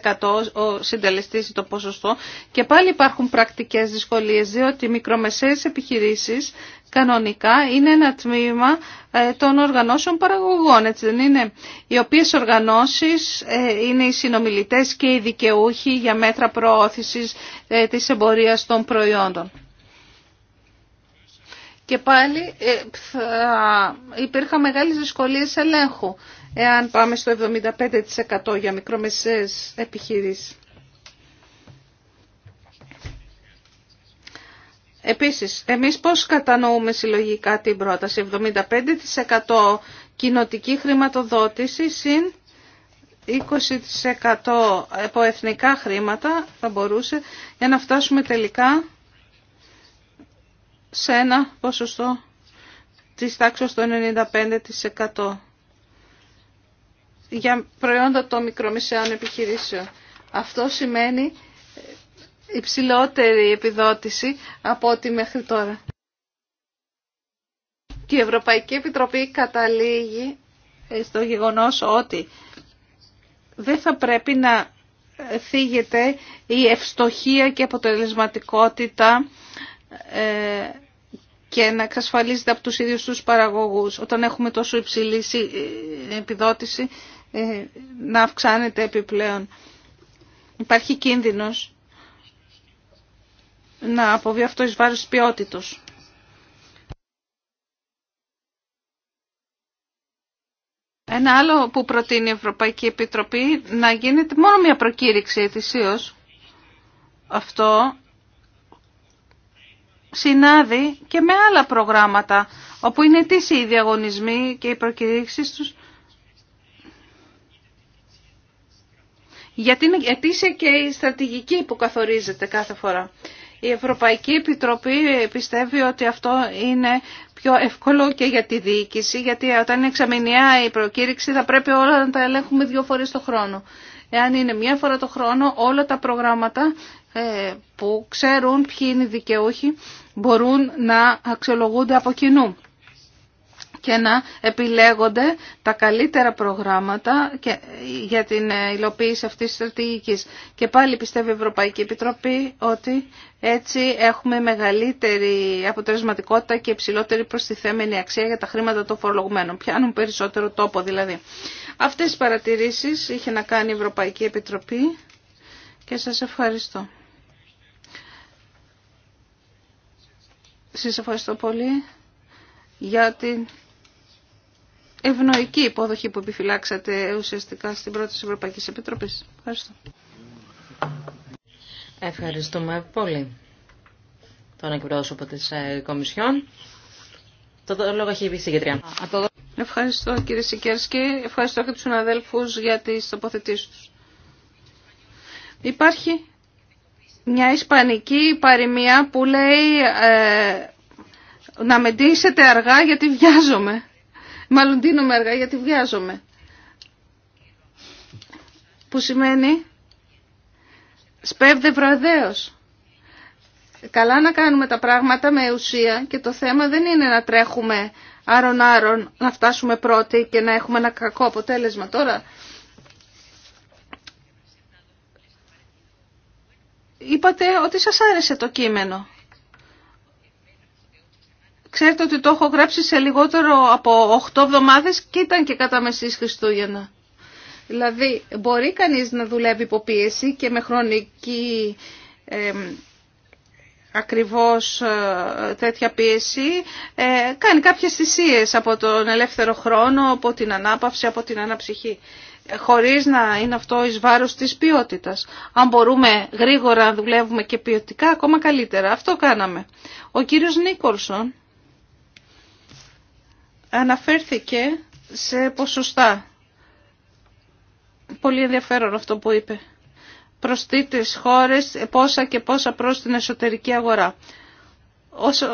75% ο συντελεστής το ποσοστό και πάλι υπάρχουν πρακτικές δυσκολίες διότι οι μικρομεσαίες επιχειρήσεις κανονικά είναι ένα τμήμα ε, των οργανώσεων παραγωγών, έτσι δεν είναι. Οι οποίες οργανώσεις ε, είναι οι συνομιλητές και οι δικαιούχοι για μέτρα προώθησης ε, της εμπορίας των προϊόντων και πάλι ε, θα υπήρχαν μεγάλες δυσκολίες ελέγχου εάν πάμε στο 75% για μικρομεσαίες επιχειρήσεις. Επίσης, εμείς πώς κατανοούμε συλλογικά την πρόταση. 75% κοινοτική χρηματοδότηση συν 20% από εθνικά χρήματα θα μπορούσε για να φτάσουμε τελικά σε ένα ποσοστό της τάξης των 95% για προϊόντα των μικρομεσαίων επιχειρήσεων. Αυτό σημαίνει υψηλότερη επιδότηση από ό,τι μέχρι τώρα. Και η Ευρωπαϊκή Επιτροπή καταλήγει ε, στο γεγονός ότι δεν θα πρέπει να θίγεται η ευστοχία και αποτελεσματικότητα ε, και να εξασφαλίζεται από τους ίδιους τους παραγωγούς. Όταν έχουμε τόσο υψηλή ε, επιδότηση ε, να αυξάνεται επιπλέον. Υπάρχει κίνδυνος να αποβεί αυτό εις βάρος ποιότητος. Ένα άλλο που προτείνει η Ευρωπαϊκή Επιτροπή να γίνεται μόνο μια προκήρυξη ετησίως. Αυτό συνάδει και με άλλα προγράμματα, όπου είναι τις οι διαγωνισμοί και οι προκηρύξεις τους. Γιατί είναι ετήσια και η στρατηγική που καθορίζεται κάθε φορά. Η Ευρωπαϊκή Επιτροπή πιστεύει ότι αυτό είναι πιο εύκολο και για τη διοίκηση, γιατί όταν είναι εξαμηνιά η προκήρυξη θα πρέπει όλα να τα ελέγχουμε δύο φορές το χρόνο. Εάν είναι μία φορά το χρόνο, όλα τα προγράμματα ε, που ξέρουν ποιοι είναι οι δικαιούχοι μπορούν να αξιολογούνται από κοινού και να επιλέγονται τα καλύτερα προγράμματα και για την ε, υλοποίηση αυτής της στρατηγικής. Και πάλι πιστεύει η Ευρωπαϊκή Επιτροπή ότι έτσι έχουμε μεγαλύτερη αποτελεσματικότητα και υψηλότερη προστιθέμενη αξία για τα χρήματα των φορολογουμένων. Πιάνουν περισσότερο τόπο δηλαδή. Αυτές οι παρατηρήσεις είχε να κάνει η Ευρωπαϊκή Επιτροπή και σας ευχαριστώ. Σας ευχαριστώ πολύ για την ευνοϊκή υπόδοχη που επιφυλάξατε ουσιαστικά στην πρώτη της Ευρωπαϊκής Επιτροπής. Ευχαριστώ. Ευχαριστούμε πολύ τον εκπρόσωπο της ε, Κομισιόν. Το, λόγο έχει η κεντρία. Ευχαριστώ κύριε Σικέρσκη, ευχαριστώ και τους συναδέλφους για τις τοποθετήσεις τους. Υπάρχει μια ισπανική παροιμία που λέει ε, να με ντύσετε αργά γιατί βιάζομαι. Μάλλον ντύνομαι αργά γιατί βιάζομαι. Που σημαίνει σπέβδε βραδέως. Καλά να κάνουμε τα πράγματα με ουσία και το θέμα δεν είναι να τρέχουμε άρον-άρον, να φτάσουμε πρώτοι και να έχουμε ένα κακό αποτέλεσμα. Τώρα είπατε ότι σας άρεσε το κείμενο. Ξέρετε ότι το έχω γράψει σε λιγότερο από 8 εβδομάδες και ήταν και κατά μεσής Χριστούγεννα. Δηλαδή μπορεί κανείς να δουλεύει υπό πίεση και με χρονική ε, ακριβώς τέτοια πίεση ε, κάνει κάποιες θυσίες από τον ελεύθερο χρόνο, από την ανάπαυση, από την αναψυχή χωρίς να είναι αυτό εις βάρος της ποιότητας. Αν μπορούμε γρήγορα να δουλεύουμε και ποιοτικά, ακόμα καλύτερα. Αυτό κάναμε. Ο κύριος Νίκολσον αναφέρθηκε σε ποσοστά. Πολύ ενδιαφέρον αυτό που είπε. Προς χώρες, πόσα και πόσα προς την εσωτερική αγορά.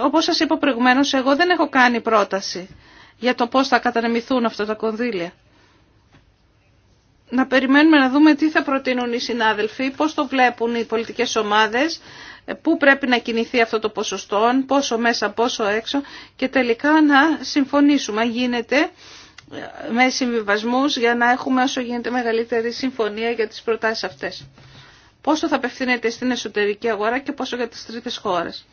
Όπως σας είπα προηγουμένως, εγώ δεν έχω κάνει πρόταση για το πώς θα κατανεμηθούν αυτά τα κονδύλια να περιμένουμε να δούμε τι θα προτείνουν οι συνάδελφοι, πώς το βλέπουν οι πολιτικές ομάδες, πού πρέπει να κινηθεί αυτό το ποσοστό, πόσο μέσα, πόσο έξω και τελικά να συμφωνήσουμε, αν γίνεται, ε, με συμβιβασμούς για να έχουμε όσο γίνεται μεγαλύτερη συμφωνία για τις προτάσεις αυτές. Πόσο θα απευθύνεται στην εσωτερική αγορά και πόσο για τις τρίτες χώρες.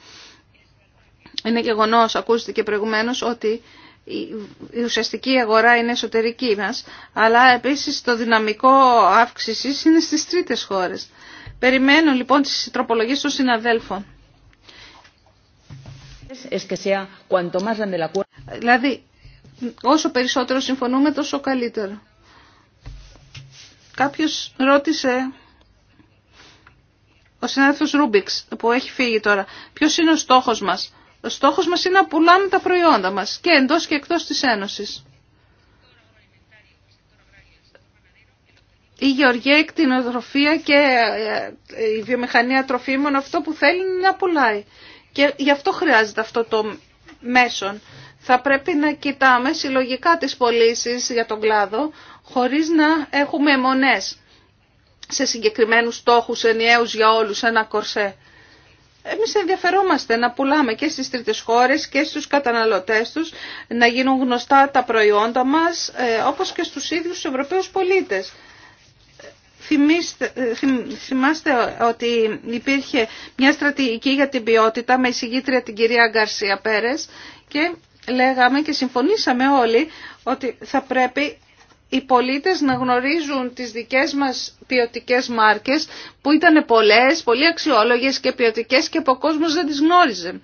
Είναι γεγονός, ακούστηκε προηγουμένως, ότι η ουσιαστική αγορά είναι εσωτερική μας, αλλά επίσης το δυναμικό αύξησης είναι στις τρίτες χώρες. Περιμένω λοιπόν τις τροπολογίες των συναδέλφων. Δηλαδή, όσο περισσότερο συμφωνούμε, τόσο καλύτερο. Κάποιος ρώτησε, ο συνάδελφος Ρούμπιξ, που έχει φύγει τώρα, ποιος είναι ο στόχος μας. Ο στόχος μας είναι να πουλάμε τα προϊόντα μας και εντός και εκτός της Ένωσης. Η γεωργία, η κτηνοτροφία και ε, η βιομηχανία τροφίμων αυτό που θέλει είναι να πουλάει. Και γι' αυτό χρειάζεται αυτό το μέσον. Θα πρέπει να κοιτάμε συλλογικά τις πωλήσει για τον κλάδο χωρίς να έχουμε μονές σε συγκεκριμένους στόχους ενιαίους για όλους, ένα κορσέ. Εμεί ενδιαφερόμαστε να πουλάμε και στι τρίτε χώρε και στους καταναλωτές τους, να γίνουν γνωστά τα προϊόντα μας, ε, όπως και στους ίδιους του Ευρωπαίους πολίτες. Ε, θυμάστε ότι υπήρχε μια στρατηγική για την ποιότητα με εισηγήτρια την κυρία Γκαρσία Πέρες και λέγαμε και συμφωνήσαμε όλοι ότι θα πρέπει οι πολίτες να γνωρίζουν τις δικές μας ποιοτικέ μάρκες που ήταν πολλές, πολύ αξιόλογες και ποιοτικέ και ο κόσμος δεν τις γνώριζε.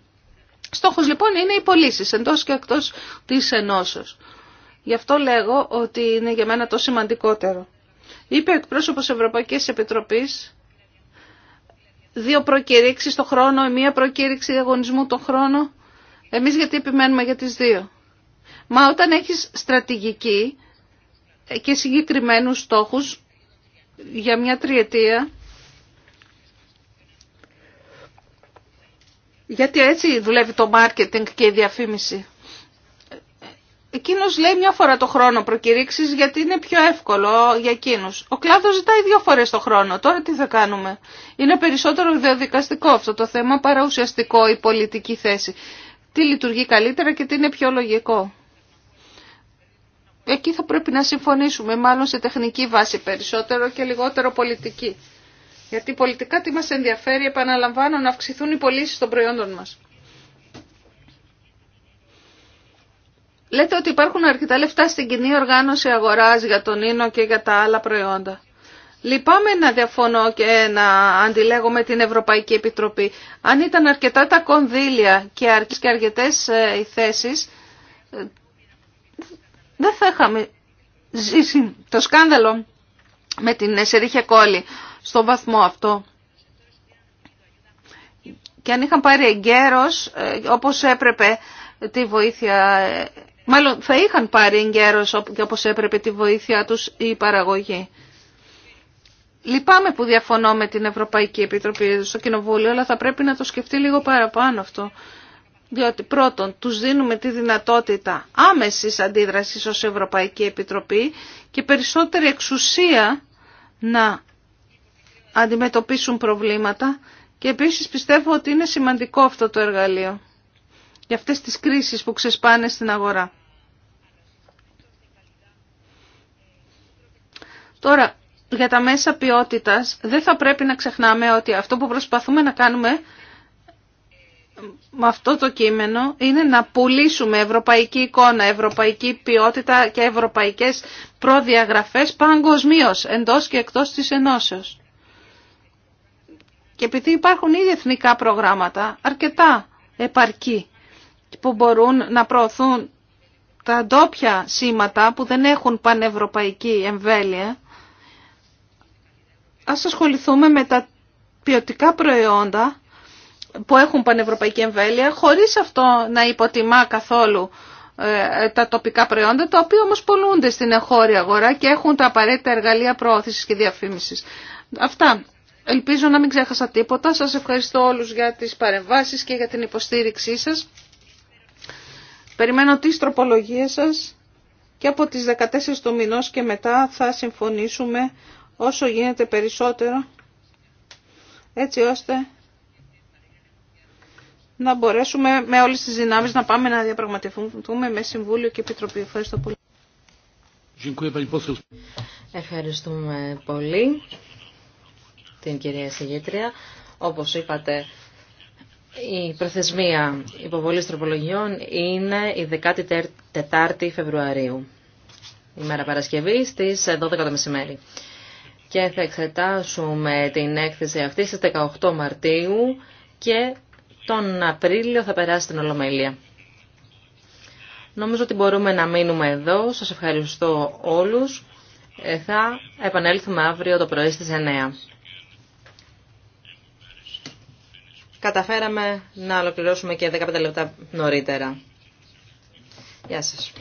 Στόχος λοιπόν είναι οι πωλήσει εντός και εκτός της ενώσεως. Γι' αυτό λέγω ότι είναι για μένα το σημαντικότερο. Είπε ο εκπρόσωπος Ευρωπαϊκής Επιτροπής δύο προκήρυξεις το χρόνο, μία προκήρυξη διαγωνισμού το χρόνο. Εμείς γιατί επιμένουμε για τις δύο. Μα όταν έχεις στρατηγική, και συγκεκριμένους στόχους για μια τριετία. Γιατί έτσι δουλεύει το μάρκετινγκ και η διαφήμιση. Εκείνος λέει μια φορά το χρόνο προκηρύξεις γιατί είναι πιο εύκολο για εκείνους. Ο κλάδος ζητάει δύο φορές το χρόνο. Τώρα τι θα κάνουμε. Είναι περισσότερο διαδικαστικό αυτό το θέμα παρά ουσιαστικό η πολιτική θέση. Τι λειτουργεί καλύτερα και τι είναι πιο λογικό. Εκεί θα πρέπει να συμφωνήσουμε, μάλλον σε τεχνική βάση περισσότερο και λιγότερο πολιτική. Γιατί πολιτικά τι μας ενδιαφέρει, επαναλαμβάνω, να αυξηθούν οι πωλήσει των προϊόντων μας. Λέτε ότι υπάρχουν αρκετά λεφτά στην κοινή οργάνωση αγοράς για τον ίνο και για τα άλλα προϊόντα. Λυπάμαι να διαφωνώ και να αντιλέγω με την Ευρωπαϊκή Επιτροπή. Αν ήταν αρκετά τα κονδύλια και αρκετές ε, οι θέσεις, δεν θα είχαμε ζήσει το σκάνδαλο με την Σερίχια Κόλλη στον βαθμό αυτό. Και αν είχαν πάρει εγκαίρος ε, όπως έπρεπε, τη βοήθεια, ε, μάλλον θα είχαν πάρει εγκαίρος και όπως έπρεπε τη βοήθεια τους η παραγωγή. Λυπάμαι που διαφωνώ με την Ευρωπαϊκή Επιτροπή στο Κοινοβούλιο, αλλά θα πρέπει να το σκεφτεί λίγο παραπάνω αυτό. Διότι πρώτον, τους δίνουμε τη δυνατότητα άμεσης αντίδρασης ως Ευρωπαϊκή Επιτροπή και περισσότερη εξουσία να αντιμετωπίσουν προβλήματα και επίσης πιστεύω ότι είναι σημαντικό αυτό το εργαλείο για αυτές τις κρίσεις που ξεσπάνε στην αγορά. Τώρα, για τα μέσα ποιότητας δεν θα πρέπει να ξεχνάμε ότι αυτό που προσπαθούμε να κάνουμε με αυτό το κείμενο είναι να πουλήσουμε ευρωπαϊκή εικόνα, ευρωπαϊκή ποιότητα και ευρωπαϊκές προδιαγραφές παγκοσμίω εντός και εκτός της ενώσεως. Και επειδή υπάρχουν ήδη εθνικά προγράμματα, αρκετά επαρκή, που μπορούν να προωθούν τα ντόπια σήματα που δεν έχουν πανευρωπαϊκή εμβέλεια, ας ασχοληθούμε με τα ποιοτικά προϊόντα που έχουν πανευρωπαϊκή εμβέλεια, χωρίς αυτό να υποτιμά καθόλου ε, τα τοπικά προϊόντα, τα οποία όμως πολλούνται στην εγχώρια αγορά και έχουν τα απαραίτητα εργαλεία προώθησης και διαφήμισης. Αυτά. Ελπίζω να μην ξέχασα τίποτα. Σας ευχαριστώ όλους για τις παρεμβάσεις και για την υποστήριξή σας. Περιμένω τις τροπολογίες σας και από τις 14 του μηνός και μετά θα συμφωνήσουμε όσο γίνεται περισσότερο έτσι ώστε να μπορέσουμε με όλες τις δυνάμει να πάμε να διαπραγματευτούμε με Συμβούλιο και Επιτροπή. Ευχαριστώ πολύ. Ευχαριστούμε πολύ την κυρία Συγήτρια. Όπως είπατε, η προθεσμία υποβολής τροπολογιών είναι η 14η Φεβρουαρίου, η μερα Παρασκευή στις 12 το μεσημέρι. Και θα εξετάσουμε την έκθεση αυτή στις 18 Μαρτίου και τον Απρίλιο θα περάσει την Ολομέλεια. Νομίζω ότι μπορούμε να μείνουμε εδώ. Σας ευχαριστώ όλους. Ε, θα επανέλθουμε αύριο το πρωί στις 9. Καταφέραμε να ολοκληρώσουμε και 15 λεπτά νωρίτερα. Γεια σας.